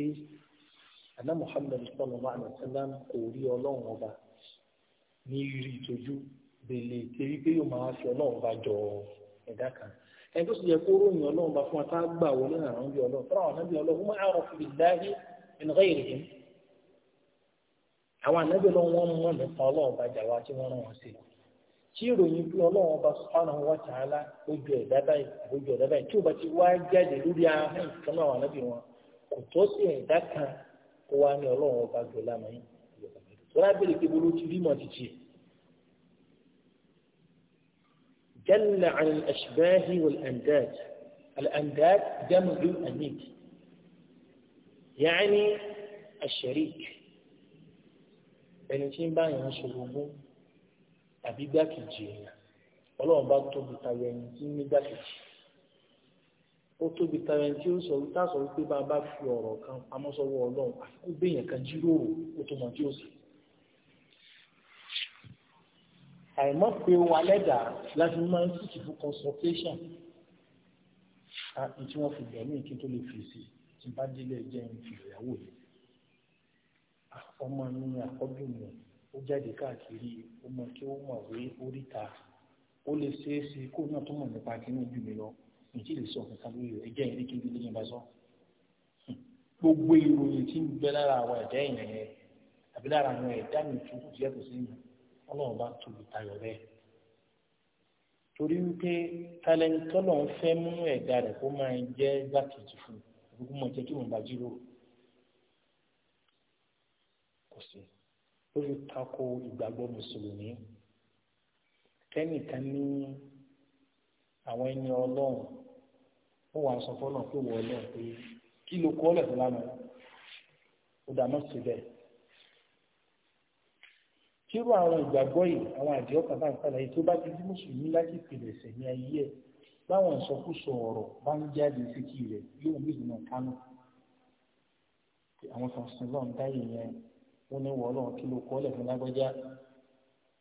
àná Muhammad sallallahu alaihi wasallam kò rí ọlọ́run ọba ní rí ìtọ́jú bèlè tẹ wípé yóò máa fi ọlọ́run ọba jọ ẹ̀dá kan ẹni tó sì yẹ kó ròyìn ọlọ́run ọba fún wa tá a gbà wọlé àrùn bí ọlọ́run fúnra ọ̀nà bí ọlọ́run wọ́n máa rọ̀ fìdí dáhí ẹnì àwọn ànábì lọ wọn ọlọ́run wọn rán wọn tí ìròyìn bí ọlọ́run ọba subhanahu wa ta'ala ojú ẹ̀dá báyìí ojú ẹ̀dá báyìí tí o bá ti wá jáde lórí ahọ́n ìkan náà wà lẹ́bi wọn kò tó sí ẹ̀dá kan kó wá ní ọlọ́run ọba jọ lánàá yìí tọ́lá bèrè pé bolo ti bímọ títí ẹ̀. jalla an ashbahi wal andad al andad àbí gbákejì èèyàn ọlọ́run bá tóbi tayọ ẹni tí ń ní gbákejì ó tóbi tayọ ẹni tí ó sọ wípé táà sọ wípé bá a bá fi ọ̀rọ̀ kan pamọ́ sọ́wọ́ ọlọ́run àfikún béèyàn kan jíròrò ó tó mọ tí ó sì. àìmọ́ pé wa lẹ́dà láti máa ń sìkì fún consultation tí wọ́n fi gbẹ̀mí kí tó lè fèsì tí bá délé jẹ́ ìfìyàwó yìí ọmọ mi àkọ́bí mi ó jáde káàkiri ó mọ kí ó mọ̀ wé oríta ó lè ṣeé ṣe kó náà tó mọ̀ nípa kí ní ojú mi lọ èyí lè sọ nǹkan lórí rẹ̀ ẹjẹ́ ìdí kí n délé yẹn bá sọ. gbogbo ìròyìn tí ń bẹ lára àwọn ẹ̀dá ìyẹn yẹn àbí lára àwọn ẹ̀dá mi tó kù yàtọ̀ sí mi ọlọ́run bá tóbi tayọ̀ bẹ́ẹ̀. torí wípé tálẹ́ni tọ́lọ̀ ń fẹ́ mú ẹ̀dá rẹ̀ kó máa jẹ́ gbàkejì fún un àbí kó máa jẹ́ kí wọ́n bá jíròrò kò sí ó lè tako ìgbàgbọ́ mùsùlùmí kẹ́nìkan ní àwọn ẹni ọlọ́run ó wàá sọ fọ́nà pé wọ́n lọ pé kí ló kọ́ lẹ̀ fún lánàá ó dáná síbẹ̀ kírú àwọn ìgbàgbọ́ yìí àwọn àjẹ́ ọkàn bá ń sàlàyé tó bá ti di mùsùlùmí láti pèlè ẹ̀sẹ̀ ní ayé ẹ̀ báwọn ìsọkúsọ ọ̀rọ̀ bá ń jáde sí kí rẹ̀ yóò mí ìdùnnà kánú àwọn kan sin lọ́n dá yìí yẹn ó ní wọ́n lọ́wọ́ kí ló kọ́lẹ̀ fún lágbájá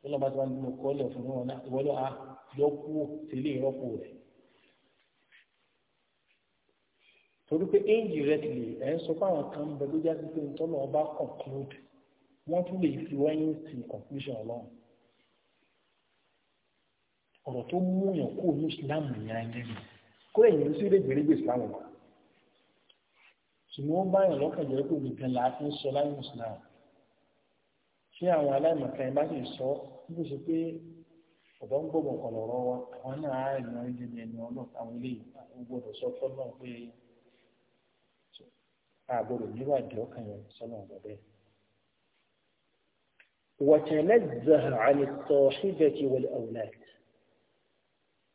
ó lọ́ba tí wọ́n ní mo kọ́lẹ̀ fún wọn náà a yọ kú tẹ́lẹ̀ ìrọ́pò rẹ̀ torí pé éèjì rẹ ti lè ẹ̀ ń sọ fáwọn kan bẹ ló jáde pé ntọ́nà ọba conclude wọ́n tún lè fi wáyé sí conclusion ọlọ́run ọ̀rọ̀ tó mú yàn kó ní ìsìlámù yẹn ayé mi kó èyàn sí lè gbèrègbè ìsìlámù wa ṣùgbọ́n wọ́n bá yàn lọ́kàn jẹ́ pé nìkan là á fi ń sọ láyé ìsìlámù tí àwọn aláìmọ̀kan bá sì sọ níbi ṣe pé ọ̀dọ́ ń gbọ̀bọ̀ kan lọ́rọ́ wa àwọn náà á rìn lọ́rí jẹjẹ ẹni ọlọ́run àwọn ilé àwọn gbọdọ̀ sọ fọ́nà pé àgbọdọ̀ níwájú ọkàn yẹn sọ́nà ọ̀gbọ̀dẹ́. وتنزه عن الصاحبة والأولاد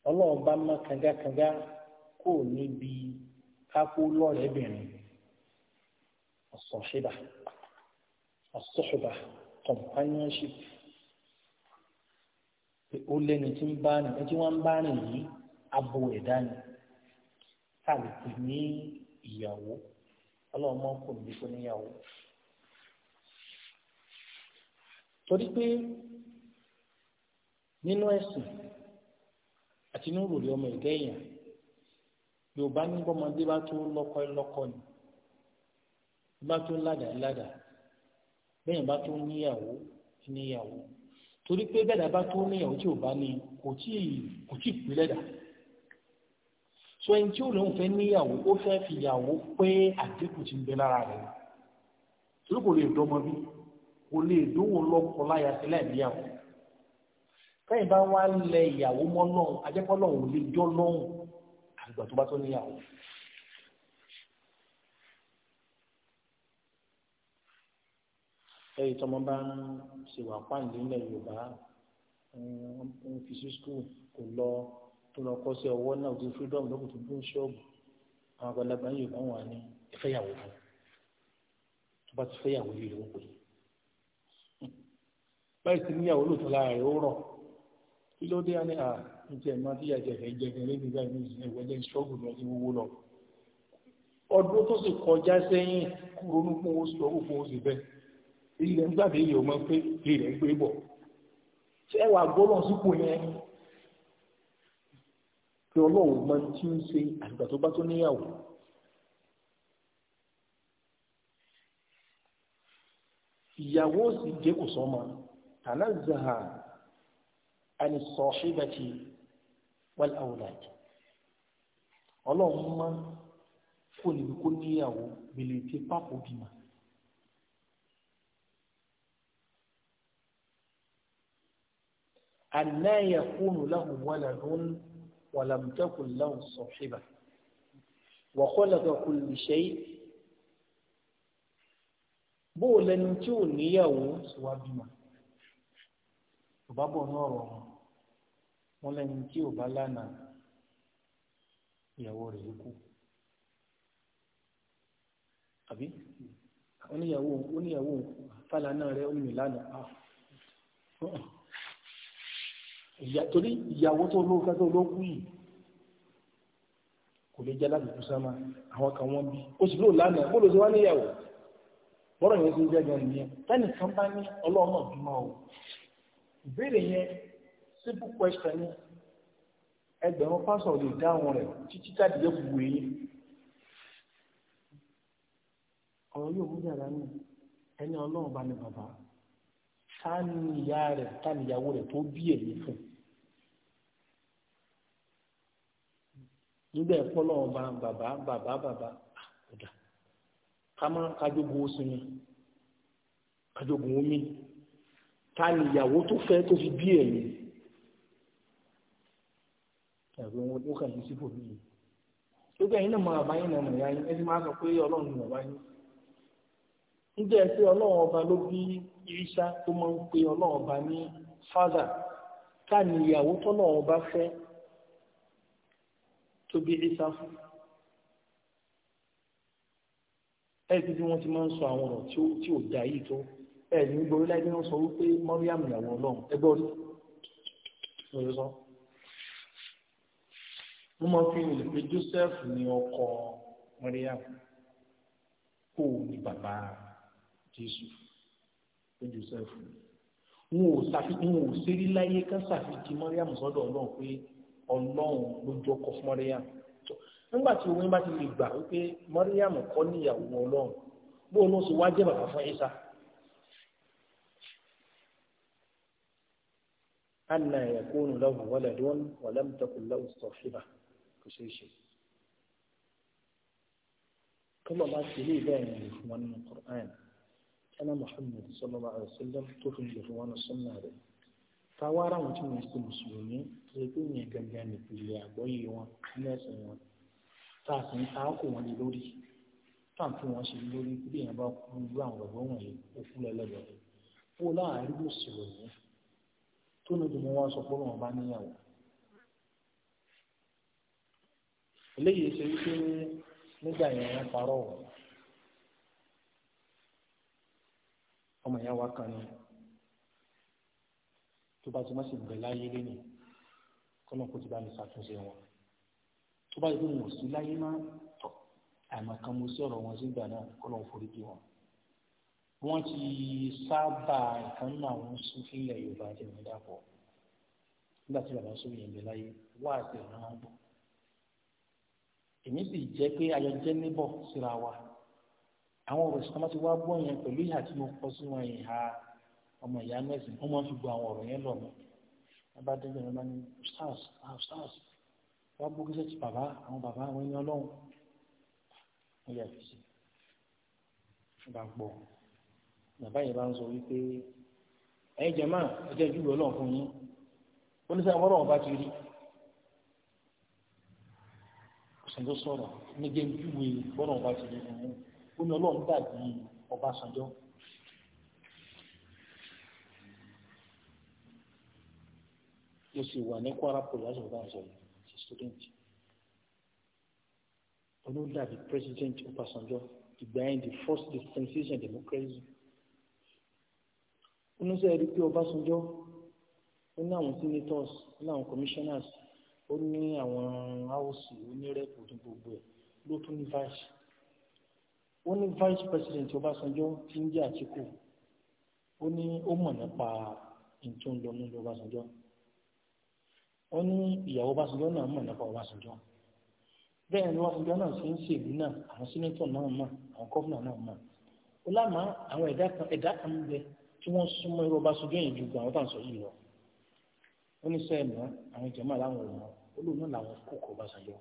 ọlọ́run bá má kangakanga kó níbi kápó lọ́rẹ̀ẹ́bìnrin ọ̀sọ̀ṣẹ́bà ọ̀sọ̀ṣẹ́bà companionship ó lẹ́ni tí ń bá rìn tí wọ́n ń bá rìn yìí abo ẹ̀dá ni tàbí pè ní ìyàwó ọlọ́mọ kò ní kó níyàwó. torí pé nínú ẹ̀sìn àti nínú òròlé ọmọ ẹ̀dá èèyàn yorùbá ní bọ́mọdé bá tó lọ́kọ́ lọ́kọ́ ni bá tó ládàá ládàá bẹ́ẹ̀ bá tó níyàwó níyàwó torí pé bẹ́ẹ̀ bá tó níyàwó tí ò bá ní kò tí kò tí pè lẹ́dà so ẹni tí ò lóun fẹ́ níyàwó ó fẹ́ fìyàwó pé àdínkù ti ń bẹ lára rẹ̀ torí kò lè dọ́mọ bí kò lè dówó lọ́kọ láya sílẹ̀ níyàwó kẹ́yìn bá wá lẹ ìyàwó mọ́ lọ́hùn ajẹ́pọ́ lọ́hùn ò lè jọ́ lọ́hùn àgbà tó bá tó níyàwó. ẹ̀yìn tọ́mọ bá ń ṣèwà pàǹdé ilẹ̀ yorùbá ń fi sí skul kò lọ tó lọ kọ́ sí ọwọ́ náà òdi freedom lókùn tó dún ṣọ́ọ̀bù àwọn àgbàlagbà ń yorùbá wà ní ìfẹ́yàwó fún tó bá ti fẹ́yàwó yìí ló ń pè báyìí ti níyàwó lòtọ́ lára rẹ̀ ó rọ̀ kí ló dé àní à ń tiẹ̀ máa ti yàjẹ̀ rẹ̀ jẹ̀gẹ̀ lẹ́nu ìgbà ìlú ìsìn ẹ̀wọ̀ ẹ̀jẹ̀ ṣọ́ọ̀bù lọ sí wọ́wọ́ lọ ọdún tó sì kọjá sẹ́yìn kúrò nípò owó sí ọwọ́ fún oṣù bẹ́ẹ̀ ilẹ̀ ń gbàdé ilẹ̀ ọmọ pé ilẹ̀ ń gbé bọ̀ ṣé ẹ wà gbọ́ lọ́n sípò yẹn pé ọlọ́run máa ń tí ń ṣe àgbà tó bá tó níyàwó. ìyàwó sì jẹ́ kò sọ́mọ tànàzàhà àni sọ̀ṣíbàtì wal awlad ọlọ́run máa kò níbi kó níyàwó bèlè tí pápò bímọ. anna yakunu lahu waladun wa lam takun lahu sahiba wa khalaqa kulli shay bó o lẹni tí ò níyàwó síwájú mà kò bá bọ̀ náà rọ̀ wọn lẹni tí ò bá lánàá ìyàwó rẹ̀ kú àbí oníyàwó oníyàwó fàlànà rẹ̀ ó mi lánàá ìyá torí ìyàwó tó ló fẹ́ tó ló kú yìí kò lè jẹ́ ládùúgbò sáma àwọn kan wọ́n bí ó sì lóò lánàá bó ló ti wá níyàwó bọ́rọ̀ yẹn ti ń jẹ́ gan nìyẹn tẹ́nì kan bá ní ọlọ́mọ bímọ o ìbéèrè yẹn simple question ni ẹgbẹ̀rún pásọ̀ lè dáhùn rẹ̀ títí táàdì yẹn kò wéyé ọ̀rọ̀ yóò mú yàrá ní ẹni ọlọ́run bá ní bàbá ta ni ìyá rẹ̀ ta ni ìyàwó rẹ̀ tó bí ẹ̀mí fún un. nígbà ẹ̀fọ́ lọ́wọ́ bá bàbá bàbá bàbá ah, ọ̀dà ká má kájógun ó sinmi kájógun ó ká ní ìyàwó tó fẹ́ tó fi bí ẹ̀mí ẹ̀rọ wọn ó kàn yín síbò mí lókè ẹ̀yin náà mọ bàbá yín náà mọ̀ ìyá yín ẹni máa sọ pé ọlọ́run yín nígbà ọba ló bí tó máa ń pe ọba ní tó bí Ìsá fún ẹ̀ẹ́dì tí wọ́n ti máa ń sọ àwọn ọ̀rọ̀ tí ò dá yìí tó ẹ̀ẹ́dì ń gborí láì ní wọ́n sọ wípé mọ́ríàmù ìyàwó ọlọ́run ẹgbẹ́ orí lórí sọ wọ́n máa fi hàn pé Joseph ni ọkọ mọ́ríàmù kó o ní bàbá Jésù pé Joseph ni wọn ò ṣàfihàn wọn ò ṣeré láyé ká ṣàfihàn mọ́ríàmù sọ́dọ̀ ọlọ́run pé ọlọ́run ló jókòó mọ́ríyàm nígbà tí omi bá ti lè gbà wípé mọ́ríyàm kọ́ níyàwó ọlọ́run bó ló ṣe wá jẹ́ bàbá fún Ìsá. anna yakunu lahu waladun wa lam takun lahu sahiba kò ṣeé ṣe kọlọ bá ti lè bẹ́ẹ̀ ní ìfúnwa Qur'an kana Muhammad sallallahu alaihi wa sallam fi lè fún sunna rẹ̀ táwa ara wọn tí wọn ṣe mùsùlùmí ṣe pé yẹn gangan nìpìlẹ̀ àgbọ́yé wọn nílẹ̀sìn wọn tá a sì ń ta kò wọn lé lórí tá à ń fi wọn ṣe lórí bí èèyàn bá kú irú àwọn ọ̀gbọ́n wọ̀nyí ó kú lẹ́lẹ́gbẹ̀ẹ́ ó láàárín mùsùlùmí tó ní ìdùnnú wọn sọ pé wọn bá níyàwó eléyìí ṣe wípé nígbà yẹn wọn parọ́ ọmọ yẹn wá kan ni tó bá ti má sì bẹ̀ láyé lẹ́nu kọ́nà kó ti bá mi ṣàtúnṣe wọn tó bá yẹ kó wọn ò sí láyé má tọ̀ àmọ́ kan mo sí ọ̀rọ̀ wọn sígbà náà kọ́nà forí bí wọn. wọ́n ti sábà ìkan nínú àwọn sunfin ilẹ̀ Yorùbá àti ìrìn dàpọ̀ nígbà tí bàbá sómi yẹn bẹ láyé wá àti ìrìn náà bọ̀ èmi sì jẹ́ pé ayọ̀jẹ́ níbọ̀ síra wa àwọn ọ̀rọ̀ ìsìnkú ti wá gbọ́ yẹn pẹ̀lú ìhà tí mo kọ sí wọn ọmọ ìyá mẹ́sìn wọ́n máa ń fi gbọ́ àwọn ọ̀rọ̀ yẹn lọ mọ́ bàbá délé wọn bá ní stars ah, stars wọ́n á gbókè sẹ́tì bàbá àwọn bàbá àwọn ẹni ọlọ́run wọ́n yà fi sí bá gbọ́ bàbá yẹn bá ń sọ wípé ẹ̀yin jẹ́ máa ẹjẹ́ ìjú ìwé ọlọ́run fún yín ó ní sẹ́wọ́n ọlọ́run bá ti rí Ọ̀ṣunjọ́ sọ̀rọ̀ ní jẹ́ ìjú ìwé ọlọ́run bá ti rí fún yín ó ní ọlọ́run dàbí Ọbásanjọ́ mo sì wà ní Kwara poli lásìkò bá ń sọ yìí ṣe student olódàbí president Ọbásanjọ́ ìgbà yẹn the first dispensation democracy oníṣẹ́ ẹ̀rí pé Ọbásanjọ́ ó ní àwọn senators ó ní àwọn commissioners ó ní àwọn house ó ní rep ní gbogbo ẹ̀ ló tún ní vice ó ní vice president Ọbásanjọ́ tí ń jẹ́ Àtíkù ó ní ó mọ̀ nípa ìtúndọ̀ nílùú ó ní ìyàwó Ọbásanjọ́ náà mọ̀ nípa Ọbásanjọ́ bẹ́ẹ̀ ni Ọbásanjọ́ náà ṣe ń ṣèlú náà àwọn sínétọ̀ náà mọ̀ àwọn gọ́fúnà náà mọ̀ ó lámà àwọn ẹ̀dá kan ẹ̀dá kan bẹ tí wọ́n súnmọ́ irú Ọbásanjọ́ yìí ju àwọn táwọn sọ yìí lọ ó ní sẹ́ẹ̀ mọ́ àwọn jẹ̀mọ́ làwọn ọ̀rọ̀ olóòórùn làwọn kókò Ọbásanjọ́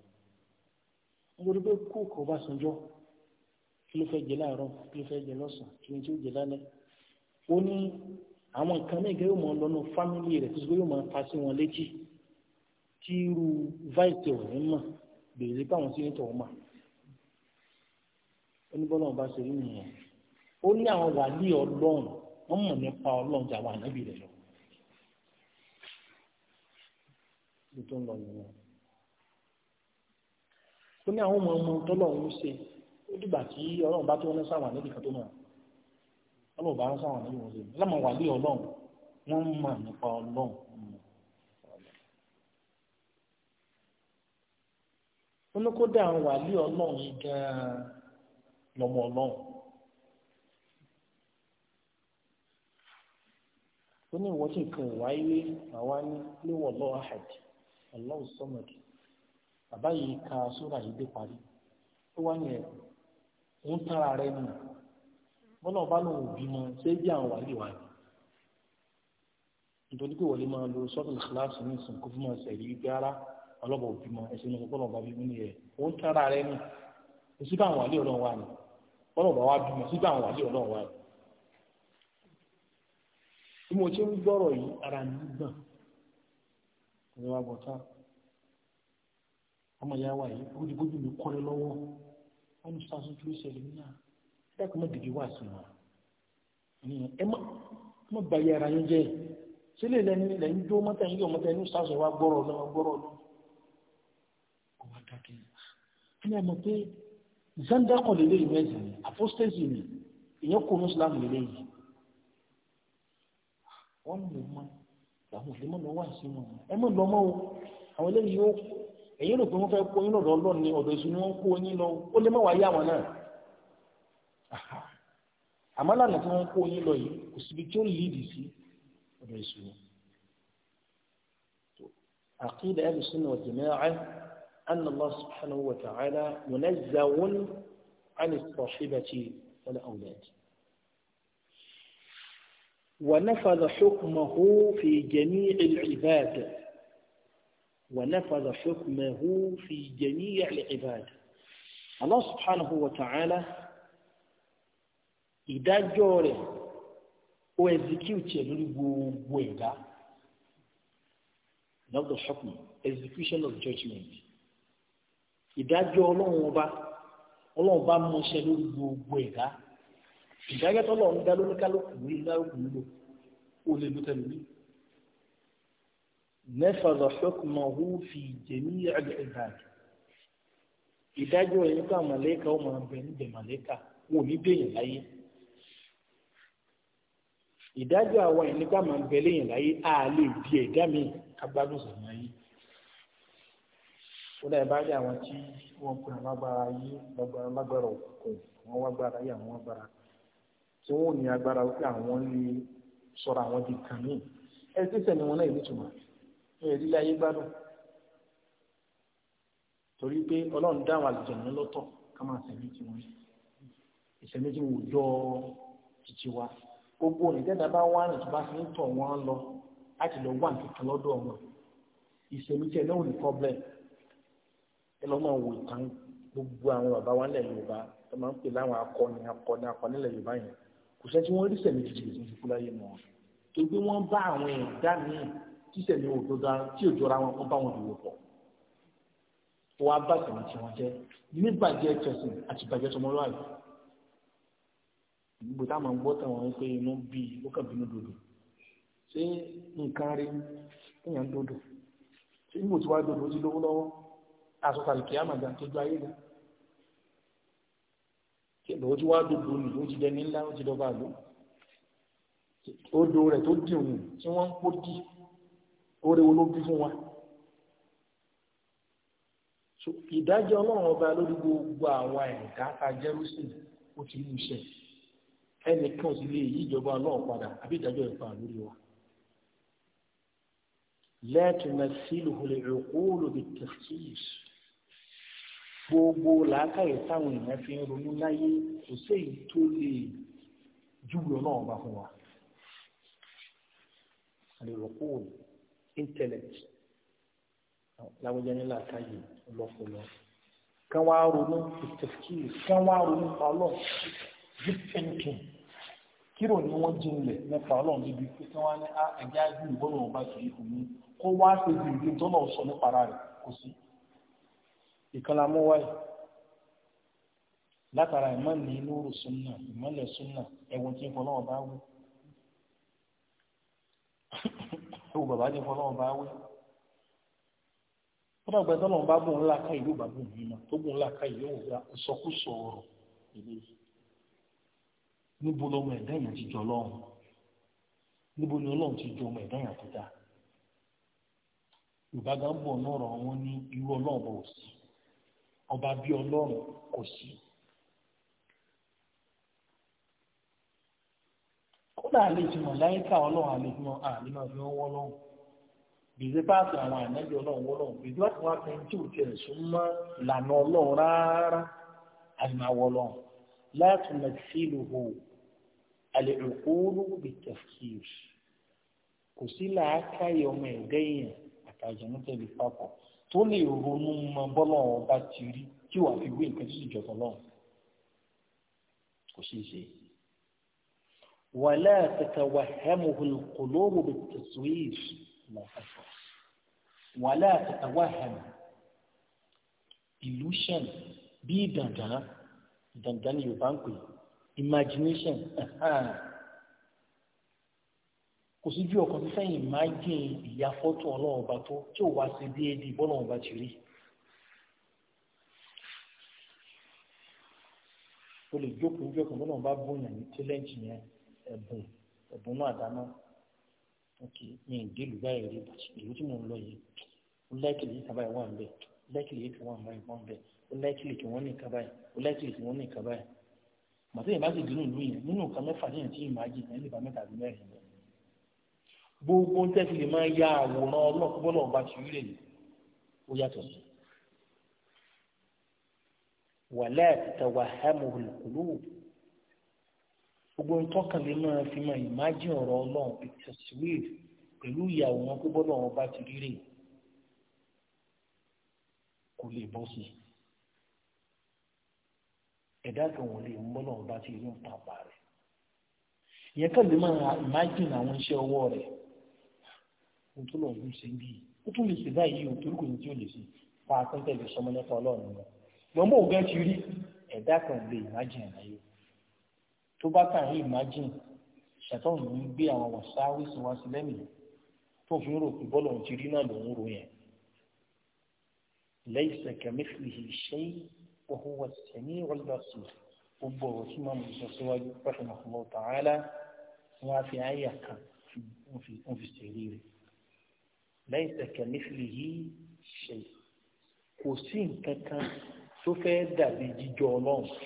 nítorí pé kókò Ọbásanjọ́ kí ló fẹ́ jẹ láàárọ̀ kí ló fẹ́ jẹ lọ́sàn-án kí ló ń tí ó jẹ lálẹ́ ó ní àwọn tí irú vaiti ò ní mọ̀ bèrè káwọn sí nítorí mọ̀ oníbọ́lá ọba ṣe rí nìyẹn ó ní àwọn wàlí ọlọ́run wọ́n mọ̀ nípa ọlọ́run tí àwọn ànábì rẹ̀ lọ. ibi tó ń lọ nìyẹn ó ní àwọn ọmọ ọmọ tọ́lọ́run ń ṣe ó dìgbà tí ọlọ́run bá tó wọn sáwọn ànábì kan tó mọ̀ ọlọ́run bá wọn sáwọn ànábì wọn ṣe láwọn wàlí ọlọ́run wọ́n mọ̀ nípa ọlọ́run. wọn ní kódà àwọn wàlíì ọlọ́run yìí gan-an lọ́mọ ọlọ́run. ó ní ìwọ́n tí nǹkan wáyé àwa ní léwọ̀ lọ́wọ́ àhàdì ọlọ́run sọ́mọ̀dì bàbá yìí ka sóra yìí dé parí ó wá yẹn ń tara rẹ nù bọ́lá ọba lòun ò bímọ ṣé bí àwọn wàlíì wà ní nítorí pé wọlé máa lo sọ́ọ̀tún kíláàsì ní ìsìnkú fún ọ̀sẹ̀ yìí gbára ọlọ́ba òbí mọ ẹ̀sìn ní kọ́lọ́ba bí mú nìyẹn ó ń tẹ́ra rẹ ní síbẹ̀ àwọn wàlẹ́ ọlọ́run wà ní kọ́lọ́ba wa bímọ síbẹ̀ àwọn wàlẹ́ ọlọ́run wà ní. bí mo ṣe ń gbọ́rọ̀ yìí ara mi gbọ̀n ẹ̀rọ wa gbọ̀n tán ọmọ ìyá wa yìí ó di bójú mi kọ́lé lọ́wọ́ wọn ní sàásùn tó ṣẹlẹ̀ ní náà ẹ kò má dìde wá sí wọn ẹ má bàyẹ̀ ara wa gbọ́rọ̀ lọ́wọ́ gbọ́rọ̀ pàtàkì ni ẹni àmọ́ pé zanda kan lè léyìn mẹ́sàn án apostasy ni ìyẹn kò muslim lè léyìn wọ́n lè mọ làwọn òfin mọ́ lọ wá sí wọn ẹ mọ̀ lọ́mọ́ o àwọn eléyìí yóò ẹ̀yìn rò pé wọ́n fẹ́ kó yín lọ́dọ̀ ọlọ́run ní ọ̀dọ̀ ìṣúná wọn kó yín lọ ó lè má wàá yá wọn náà àmọ́ lànà tí wọ́n kó yín lọ yìí kò síbi tí ó lìdì sí ọ̀dọ̀ ìṣúná. àkídà ẹ̀rù أن الله سبحانه وتعالى منزه عن الصاحبة والأولاد ونفذ حكمه في جميع العباد ونفذ حكمه في جميع العباد الله سبحانه وتعالى إذا rẹ̀ ó execute بويدا نفذ gbogbo execution of judgment ìdájọ́ ọlọ́run ọba ọlọ́run bá mọṣẹ lórí gbogbo ẹ̀dá ìdájọ́ tó lọ́run dá lóníkálukú ní lárúkú nílò ó lè ló tẹ̀lé nafadha hukmuhu fi jami'i al-ibad ìdájọ́ ẹ̀yìn ká màlẹ́kà ó máa bẹ̀ níbẹ̀ màlẹ́kà wọn ò ní bẹ̀yìn láyé ìdájọ́ àwọn ẹ̀yìn ká máa bẹ̀ lẹ́yìn láyé a kódà ẹ bá rí àwọn tí wọ́n kúrò lágbára yé lágbára òkùnkùn wọ́n wá gbára yé àwọn agbára tí wọ́n ò ní agbára wípé àwọn lè sọ̀rọ̀ àwọn di kàn mí ẹ ti sẹ́ni wọn náà ìlú tùmọ̀ ẹ rí láyé gbádùn torí pé ọlọ́run dá àwọn àlùjànnú lọ́tọ̀ ká máa sẹ̀mí tí wọ́n ìsẹ̀mí tí wọ́n jọ títí wa gbogbo onídẹ́ta bá wà ní ìtura sí ń tọ̀ wọ́n lọ láti lọ wà nǹkan lọ́dọ̀ wọn ìsẹ̀mí tí ẹ náà ò ní problem ẹ lọ́ máa wò ìtàn gbogbo àwọn bàbá wa nílẹ̀ yorùbá ẹ máa ń pè láwọn akọni akọni akọni nílẹ̀ yorùbá yẹn kò sẹ́ tí wọ́n rí sẹ̀mí jìjì tó fi kú láyé mọ́ tó gbé wọ́n bá àwọn ẹ̀dá míì tí sẹ̀mí òjòdá tí òjòra wọn kó bá wọn dìbò pọ̀ tó wá bá sẹ̀mí tí wọ́n jẹ́ níbàjẹ́ tẹ̀sìn àti ìbàjẹ́ tọmọlúwàbí gbogbo táwọn gbọ́ táwọn ń pé inú bí ó kàn bínú dòdò ṣé nǹkan rí èèyàn dòdò ṣé níbo tí wàá dòdò ó ti lówó lọ́wọ́ àsọ̀tàlì kìí àmàgbà tó ju ayé lọ lọ́wọ́ tí wàá dòdò nì ó ti dẹni ńlá ó ti dọ́gba lọ odò rẹ̀ tó dì òun tí wọ́n ń pò dì oore wo ló bí fún wa ìdájọ́ ọlọ́run ọba lórí gbogbo àwọn ẹ̀ka ta jẹ́rúsìn ó ti mú iṣẹ́ ẹnìkan sì lè yí ìjọba ọlọ́run padà àbí ìdájọ́ ìpa lórí wa lẹ́tùmẹ̀sílùhùlẹ̀ òkú olùdíkẹ̀kíyèsí gbogbo làákàyè táwọn èèyàn fi ń ronú láyé kò séyìí tó lè júwèé ọlọ́run bá fún wa àlèròpọ̀ intellect láwùjọ ní làákàyè ọlọ́fọlọ́ kan wá ronú ìtẹ̀fíkìrì kan wá ronú pa ọlọ́run deep ni wọ́n jinlẹ̀ nípa ọlọ́run níbi pé kí wọ́n á ní ẹja ìgbìmọ̀ ọlọ́run bá kì í fún mi kó wá ṣe ìgbìmọ̀ tọ́lọ̀ sọ nípa ara rẹ̀ kò sí ìkànnì amúwáyé látara ìmọ̀lẹ̀ lóru súnà ìmọ̀lẹ̀ súnà ẹ̀wọ̀n tí ń fọ lọ́wọ́ bá wí. ewu bàbá tí ń fọ lọ́wọ́ bá wí. wọ́n dàgbà ẹ̀dọ́ lọ́wọ́ bá bùn ńlá ká ìlú bàbá òun náà tó bùn ńlá ká ìlú òun náà ìsọkúsọ ọ̀rọ̀ ìlú yìí. níbo lọmọ ẹ̀dá yẹn ti jọ lọ́hùn níbo ni ọlọ́run ti jọ ọmọ ẹ̀dá yẹn ti dá. yorùbá gan bọ̀ náà rọ̀ wọ́n ní irú ọlọ́run bọ̀ sí i ọba bíi ọlọ́run kò sí. kódà àlejò láyíká ọlọ́run àlejò àlejò fi wọ́n wọ́lọ́run gbèsè páàkì àwọn ànájọ ọlọ́run wọ́lọ́run gbèsè láti wá pé tí ò tiẹ̀ súnmọ́ ìlànà ọlọ́run rárá àyìnmáwọ́lọ́run láti mẹ́tìlúhù àlẹ́rẹ̀kúrú bìtẹ̀fìr kò sí làákàyè ọmọ ẹ̀gẹ́ èèyàn àtàjọ̀ tó lè ronú mọ bọ́lọ̀ ọba ti rí tí wàá fi wé nǹkan tó sì jọ tọ́lọ́ kò ṣeé ṣe. wàlẹ́ àtẹ̀tẹ̀wà hẹ́muhùn kò lóòrò bẹ̀ tẹ̀síwìs lọ́fẹ̀fẹ̀. wàlẹ́ àtẹ̀tẹ̀wà hẹ́m illusion bí dandan dandan Yorùbá ń pè imagination. Uh -huh kò sí bí ọkàn tí sẹ́yìn máa jìn ìyá fọ́tò ọlọ́run ọba tó tí ò wá sí déédéé bọ́lọ́run ọba ti rí o lè jókòó jókòó bọ́lọ́run bá bóyàn ní tẹ́lẹ̀ǹtì yẹn ẹ̀bùn ẹ̀bùn náà dáná ok mi ì dé lùgbà yẹn rí bàtì èyí tí mò ń lọ yìí ó láìkìlì yìí kábàáyé wà ń bẹ ó láìkìlì yìí kí wọ́n máa wọ́n bẹ ó láìkìlì kí wọ́n ní kábàáyé ó láìkìlì kí wọ́n ní kábàáyé gbogbo tẹ́sí máa ya àwòrán ọlọ́run bọ́lọ̀ ọba ti rí lèyìn ó yàtọ̀ sí. wàlẹ́ àtẹ̀wà hẹ́mùlùkùlù gbogbo ntọ́kàn lè máa fi máa ìmájì ọ̀rọ̀ ọlọ́run peter swift pẹ̀lú ìyàwòrán pé bọ́lọ̀ ọba ti rí kò lè bọ́ sí ẹ̀dá kan wọn lè mú bọ́lọ̀ ọba ti rí ń pa pa rẹ̀ ìyẹn kàn lè máa ìmájì àwọn iṣẹ́ ọwọ́ rẹ̀ n tó lọ́ọ́ ń ṣe ń bí ó tún lè ṣe báyìí o torí kò ní tí ó lè ṣe fa akẹ́kẹ́ lè sọmọ nípa ọlọ́run lọ gbọ́n bó ti rí ẹ̀dá kan lè imagine láyé tó bá kàn rí imagine ṣàtọ̀ ló ń gbé àwọn wàsáwí sí lẹ́mìí tó fi ń rò pé bọ́ọ̀lù ti rí náà lòún rò yẹn laysa kamithlihi shay wa huwa as-sami'u al gbogbo ọ̀rọ̀ tí màmú sọ síwájú rahimahullahu ta'ala wọn á fi àyà kan wọn fi ṣèlérí rẹ̀ laysa kamithlihi shay kò sí nǹkan kan tó fẹ́ dàbí jíjọ ọlọ́run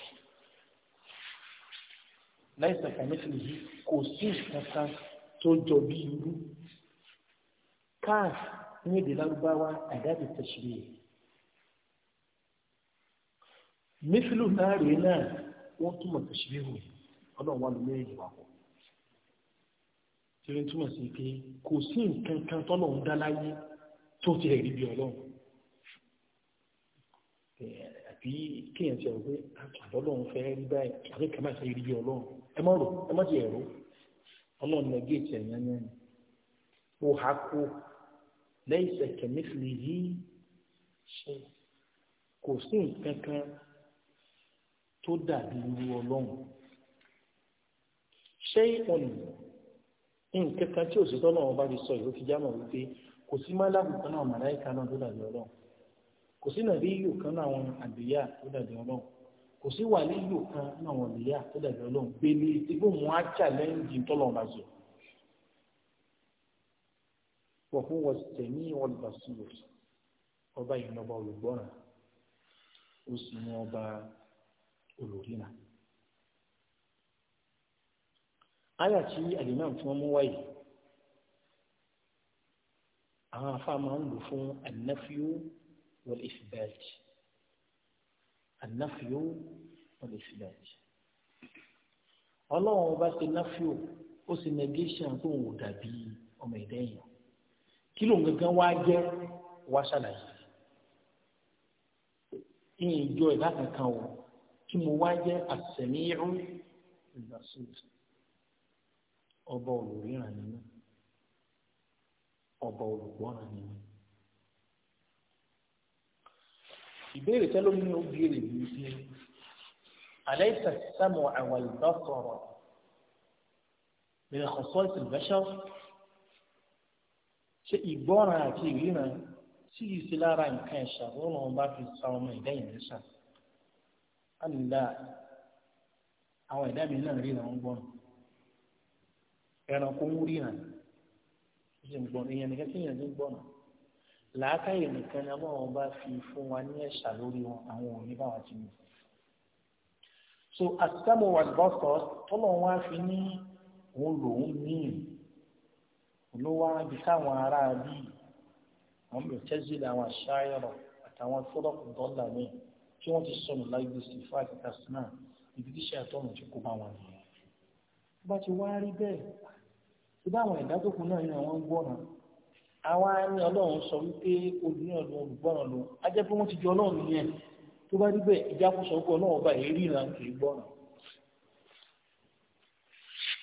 laysa kamithlihi kò sí nǹkan kan tó jọ bí irú káàf ní èdè lárúbáwá àdáàbò tẹ̀sílẹ̀ mithlu náà rèé náà wọ́n túmọ̀ tẹ̀sílẹ̀ wò ọlọ́run wà lórí ìwà ṣeré túmọ̀ sí pé kò sí nǹkan kan tọ́lọ̀ ń dá láyé tó ti rí bí ọlọ́run àbí kéèyàn ti rò pé ah, àtọ̀lọ́run fẹ́ rí báyìí àbí kàmá ṣe rí bí ọlọ́run ẹ má rò ẹ má ti rò ọlọ́run lọ géètì ẹ̀yán náà ni ó há kú lẹ́yìn ìṣẹ̀kẹ̀ nífìlì yìí ṣe kò sí nǹkan kan tó dàbí irú ọlọ́run ṣé ìpọnìyàn nǹkan kan tí òṣìṣẹ́ náà bá ti sọ yìí ó fi jámọ̀ wípé kò sí mọ́láàbù kan náà màláìka náà tó dàbí ọlọ́run kò sí nàbíyù kan náà àwọn àbíyá tó dàbí ọlọ́run kò sí wàlíyù kan náà àwọn àbíyá tó dàbí ọlọ́run gbélé tí gbóhùn á challenge tọ́lọ́run bá jẹ́ wọ̀fún wọ tẹ̀mí ọlùbàṣírò ọba ìnọba olùgbọ́ràn ó sì ní ọba olùrìnà. Aya tí alimam tí wọ́n mú wáyé àwọn afáà máa ń lò fún anafiyo wal isbat anafiyo wal isbat ọlọ́run ọba ṣe nafiyo ó sì negation tó ń wò dàbí ọmọ ìdẹ́yìn kí ló ń gangan wá jẹ́ wá ṣàlàyé ìyìn ìjọ ìdá kankan o kí mo wá jẹ́ àtẹ̀míyẹ́rú ìgbà sóòtù. ọba olùríran ni mí ọba olùgbọ́ràn ni mí. ìbéèrè tẹ́lómi ni ó béèrè yìí ṣe alaysa as-sam'u wal-basara min khasa'is al-bashar ṣe ìgbọ́ràn àti ìríran tí yìí sí lára nǹkan ẹ̀ṣà lọ́wọ́ bá fi sa ọmọ ìdẹ́yìn ẹ̀ṣà. á lè la àwọn ìdá mi náà rí ìrànwọ́ gbọ́ràn. ẹranko ń rí hàn ó sì ń gbọ́n èèyàn nìkan tí èèyàn ti ń gbọ́nà làákàyè nìkan ni ọlọ́run bá fi fún wa ní ẹ̀ṣà lórí wọn àwọn òní bá wa ti mú so àtìkámọ̀ wà lọ́sọ̀ tọ́lọ́run wá fi ní òun lòún míì ló wá bí káwọn ará bí àwọn mẹtẹ́sí làwọn aṣááyọ̀rọ̀ àtàwọn fúlọ́pù dọ́là míì tí wọ́n ti sọnù lágbè sí fún àti tasman ibi tí ṣe àtọ́nù ti kó bá wọn nìyẹn bá ti wá rí bẹ́ẹ̀ ṣùgbọ́n àwọn ẹ̀dá tó kù náà yìí wọ́n ń gbọ́ràn àwa ni ọlọ́run sọ wípé olùní ọ̀dọ̀ olùgbọ́ràn ló á jẹ́ pé wọ́n ti jọ ọlọ́run nìyẹn tó bá díbẹ̀ ìjákùsọ̀ ọkọ̀ náà ọba èrí ìlànà kì í gbọ́ràn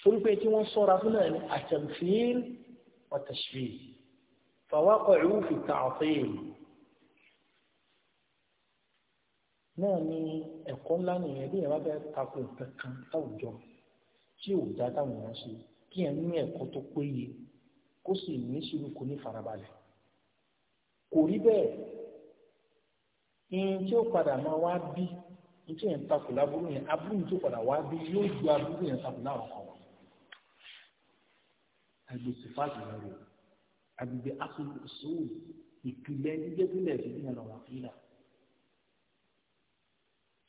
torí pé tí wọ́n sọ́ra fún náà ni àtẹ̀fíìl ọ̀tẹ̀ṣfì fàwákọ̀ ìwúfì tààfíìl náà ni ẹ̀kọ́ ńlá nìyẹn bí ìyẹn bá fẹ́ takò kankan láwùjọ tí ò dá táwọn èèyàn ṣe kí ẹ ní ẹ̀kọ́ tó péye kó sì ní sùúrù kó ní farabalẹ̀ kò rí bẹ́ẹ̀ ìyẹn tí ó padà máa wá bí ní tí yẹn takò láburú yẹn aburú yẹn tó padà wá bí yóò ju aburú yẹn takò láwọn kan wọn. agbèsè fáàtì yẹn rò agbègbè asòwò sòwò ìpìlẹ̀ ìdílé yẹn lọ́wọ́ àfihàn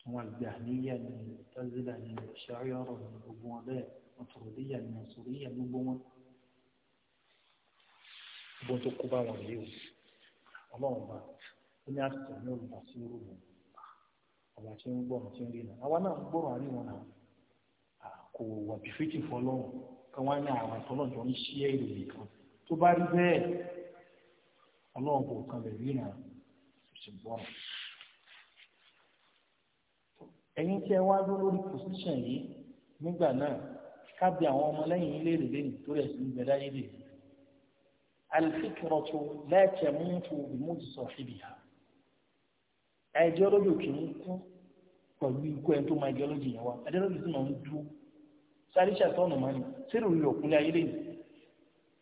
àwọn àgbẹ̀ àníyàn ní tazila ní ìṣàyọ̀rọ̀ ní gbogbo wọn bẹ́ẹ̀. ọ̀tọ̀ọ̀dẹ́yà nàìjíríà gbogbo wọn gbogbo tó kó bá wọn lé o ọlọ́run bá ọba tí ń gbọ́ràn tí ń rí nà àwa náà ń gbọ́ràn àrí wọn náà kò wà bìfìtì fọlọ́run ní àwọn àtọ́nà jọ ń ṣí nìkan tó bá rí bẹ́ẹ̀ ọlọ́run kò kan lè rí ẹ̀yin tí ẹ wá dúró lórí pòsíṣàn yìí nígbà náà. kábi àwọn ọmọlẹ́yìn ilé rèé lẹ́yìn tó rẹ̀ sí ń bẹ̀rẹ̀ ayé rèé alifikirọtu lẹ́ẹ̀kẹ́ mútu ìmúti sọ̀hìbìyà àìdíọ́lójì òkè ń kú pẹ̀lú ikú ẹni tó máa ìdíọ́lójì yẹn wá àìdíọ́lójì sì máa ń dú sáríṣà sọ́ọ̀nù mọ́ni sírò rí òkúnlé ayé lẹ́yìn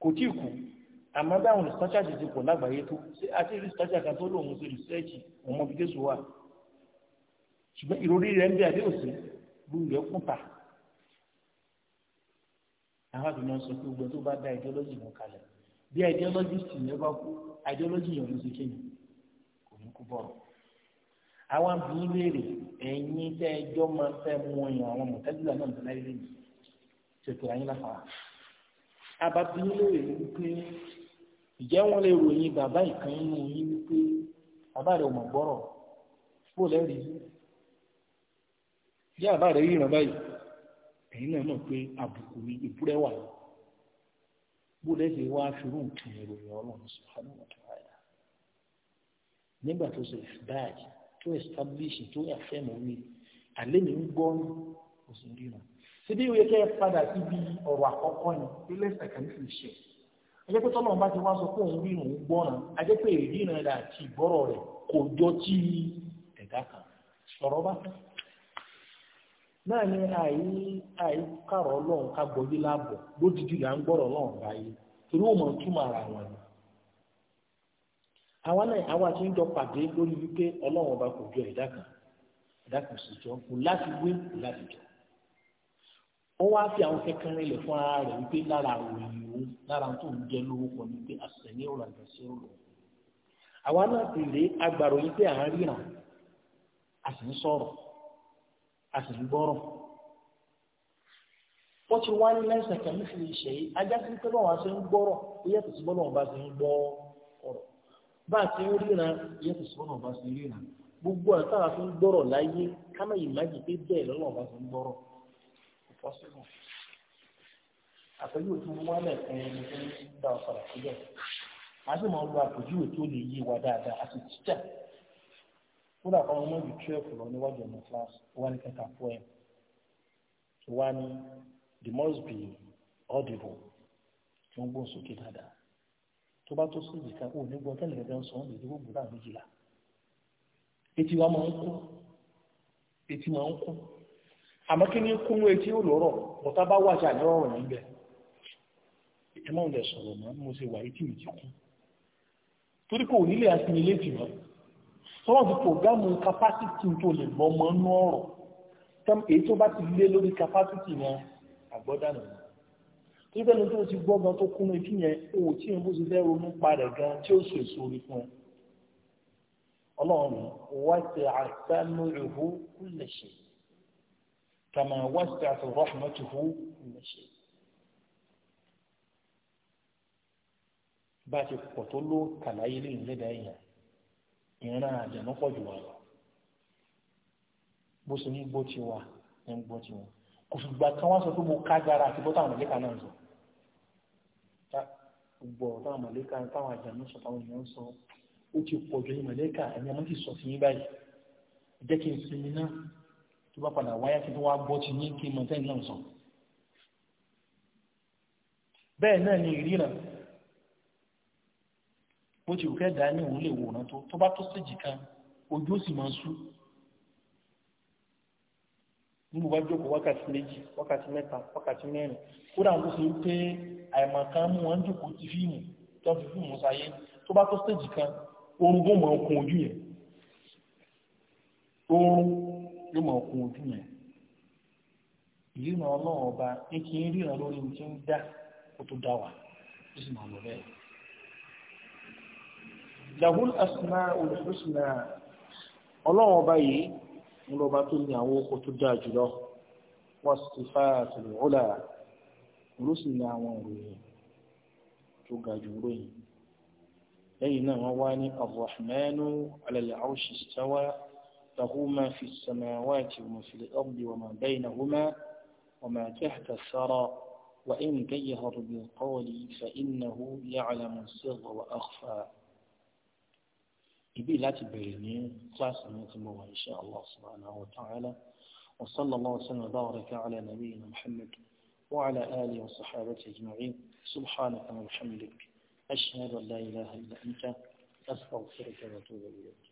kò tí ì kú àmọ́ báwọn rìsọ́ṣàṣì ti pọ̀ lágbàáyé tó àti rìsọ́ṣà kan tó lóun ṣe rìsẹ́ẹ̀kì ọmọ bíi jésù wà ṣùgbọ́n ìròrí rẹ̀ ń bẹ àdéhùn sí lóun kúta àwọn àbìmọ̀ sọ pé gbogbo tó bá dá ideology mú kalẹ̀ bí ideology sì yẹn bá kú ideology yẹn ló ti kéde kò ní kú bọ̀rọ̀ àwọn àbí léèrè ẹ̀yin tẹ́ ẹjọ́ máa fẹ́ mú ọyàn àwọn mọ̀tẹ́lẹ́lá náà lọ́la ilé yìí ṣètò ayé láfa àbábí léèrè wípé ìjẹ́ wọn lè ròyìn bàbá ìkan nínú yín wípé bàbá rẹ̀ ò mọ̀ gbọ́rọ̀ fóòlù ẹ̀rí bí bàbá rẹ̀ yìí ràn báyìí ẹ̀yin náà mọ̀ pé àbùkù ni ìbúrẹ́ wà bó lẹ́sẹ̀ wá ṣòro nǹkan ìròyìn ọlọ́run subhanahu wa ta'ala nígbà tó ṣe ìfìdáàjì tó establish tó àfẹ́mọ̀ mi àlẹ́ mi ń gbọ́ kò sí ríran síbí ìwé kẹ́ ẹ padà síbi ọ̀rọ̀ àkọ́kọ́ ni pé lẹ́sẹ̀ kan fi ṣe ajẹ́ pé tọ́lọ́run bá ti wá sọ pé òun ríran òun gbọ́ràn ajẹ́ pé ìríran rẹ̀ àti ìgbọ́rọ̀ rẹ̀ kò jọ tí ẹ̀dá kan sọ̀rọ̀ bá fẹ́ naanị anyị àyí àyí kàrọ̀ ọlọ́run ká gbọ́dí láàbọ̀ lódìdí là ń gbọ́rọ̀ ọlọ́run báyìí torí ó awa ń túmọ̀ ọba kò jọ ẹ̀dá kan ẹ̀dá kò sì jọ kò láti wé kò láti jọ. ó wáá fi àwọn kẹkẹrin rẹ̀ fún ara wípé lára lára tó ń jẹ ni pé àṣẹyìn àwa náà a sì ń gbọ́rọ̀ wọ́n ti wá ní lẹ́sẹ̀ kẹ́mí fi ṣe yìí ajá sí pé báwọn ṣe ń gbọ́rọ̀ ó yàtọ̀ sí bọ́lọ̀ bá ṣe ń gbọ́ ọ̀rọ̀ bá a ti bọ́lọ̀ bá ṣe gbogbo ẹ̀ táwa fi ń gbọ́rọ̀ láyé kámẹ́ ìmájì pé bẹ́ẹ̀ lọ́lọ́ bá ṣe ń gbọ́rọ̀ kò fọ́ sínú àpèjúwe tó ń wálẹ̀ kan ẹni tó ń dá kódà kan ọmọ yìí twelve lọ níwájú ọmọ class wà ní kẹta fún ẹ wà ní the must be audible tí wọ́n gbóhùn sókè dáadáa tó bá tó sí ìdíkà ó ní gbọ́ tẹ́lẹ̀ gẹ́gẹ́ ń sọ ọ́n lè dúró gbòdà méjìlá etí wa máa ń kú etí máa ń kú àmọ́ kí ní kúnú etí ó lọ́rọ̀ bọ́tá bá wájà ní ọ̀rọ̀ níbẹ̀ ẹ máa ń lẹ̀ sọ̀rọ̀ mọ́ mo ṣe wà etí mi ti kú torí kò nílé asimilétì mọ́ sọ́wọ́n ti pògámù kapásítì tó lè bọ́ mọ́ nú ọ̀rọ̀ èyí tó bá ti lé lórí kapásítì yẹn àgbọ́dànù tó bẹ́ẹ̀ tó ti gbọ́ gan tó kúnnú ikú yẹn owó tí yẹn bó ti fẹ́ ronú parẹ̀ gan tí ó sọ èso orí fún ẹ ọlọ́run wáṣẹ àtàmú ìhú kúlẹ̀ ṣe kàmá wáṣẹ àtọ̀rọ̀ àmọ́tò ìhú kúlẹ̀ ṣe. bá a ti pọ̀ tó ló kàlàyé lè ní lẹ́dàá ìran àjẹ̀nú pọ̀ jù wá lọ bó ṣe ń gbó ti wá ń gbó ti wọn kò fìgbà kan wá sọ pé mo kágbára àti bọ́tà mọ̀lẹ́ka náà sọ gbogbo ọ̀rọ̀ táwọn mọ̀lẹ́ka táwọn àjẹ̀nú sọ táwọn èèyàn sọ ó ti pọ̀ jù ní mọ̀lẹ́ka ẹ̀yìn ti sọ sí yín báyìí jẹ́ kí n sinmi náà tó bá padà wáyà kí wọ́n á gbọ́ ti yín kí n mọ̀ tẹ́yìn náà sọ bẹ́ẹ̀ náà ni ìríran bó ti rùkẹ́ dá ní òun lè wòran tó tó bá tó séjì kan ojú ó sì máa ń sú nígbà bá jókòó wákàtí méjì wákàtí mẹ́ta wákàtí mẹ́rin kódà ló ṣe pé àìmọ̀kan mú wọn jókòó ti fíìmù tó fi fíìmù sáyé tó bá tó séjì kan oorun yóò máa kun ojú yẹn oorun yóò máa kun ojú yẹn ìríran ọlọ́run ọba ní kí n ríran lórí ohun tí ń dá kó tó dá wà ó sì máa lọ bẹ́ẹ̀. lahul asmaul husna ọlọ́run ọba yìí ń lọ́ba tó ní àwọn oko tó dáa jùlọ wọ́n sì fa àtìlúwọ́là ló sì ní àwọn ìròyìn tó ga jù ròyìn lẹ́yìn náà wọ́n wá ní arrahmanu ala al-arshi istawa lahu ma fi as-samawati wa ma fi al-ardi wa ma baynahuma wa ma tahta ath-thara wa in kayyahu bil-qawli fa innahu ya'lamu as-sirra wa akhfa. ibi láti bẹ̀rẹ̀ ní kíláàsì náà tí mo wà insha Allah subhanahu wa ta'ala wa sallallahu wa sallam wa baraka ala nabiyyina Muhammad wa ala alihi wa sahabati ajma'in subhanaka wa bihamdik ashhadu an la ilaha illa anta astaghfiruka wa atubu ilayk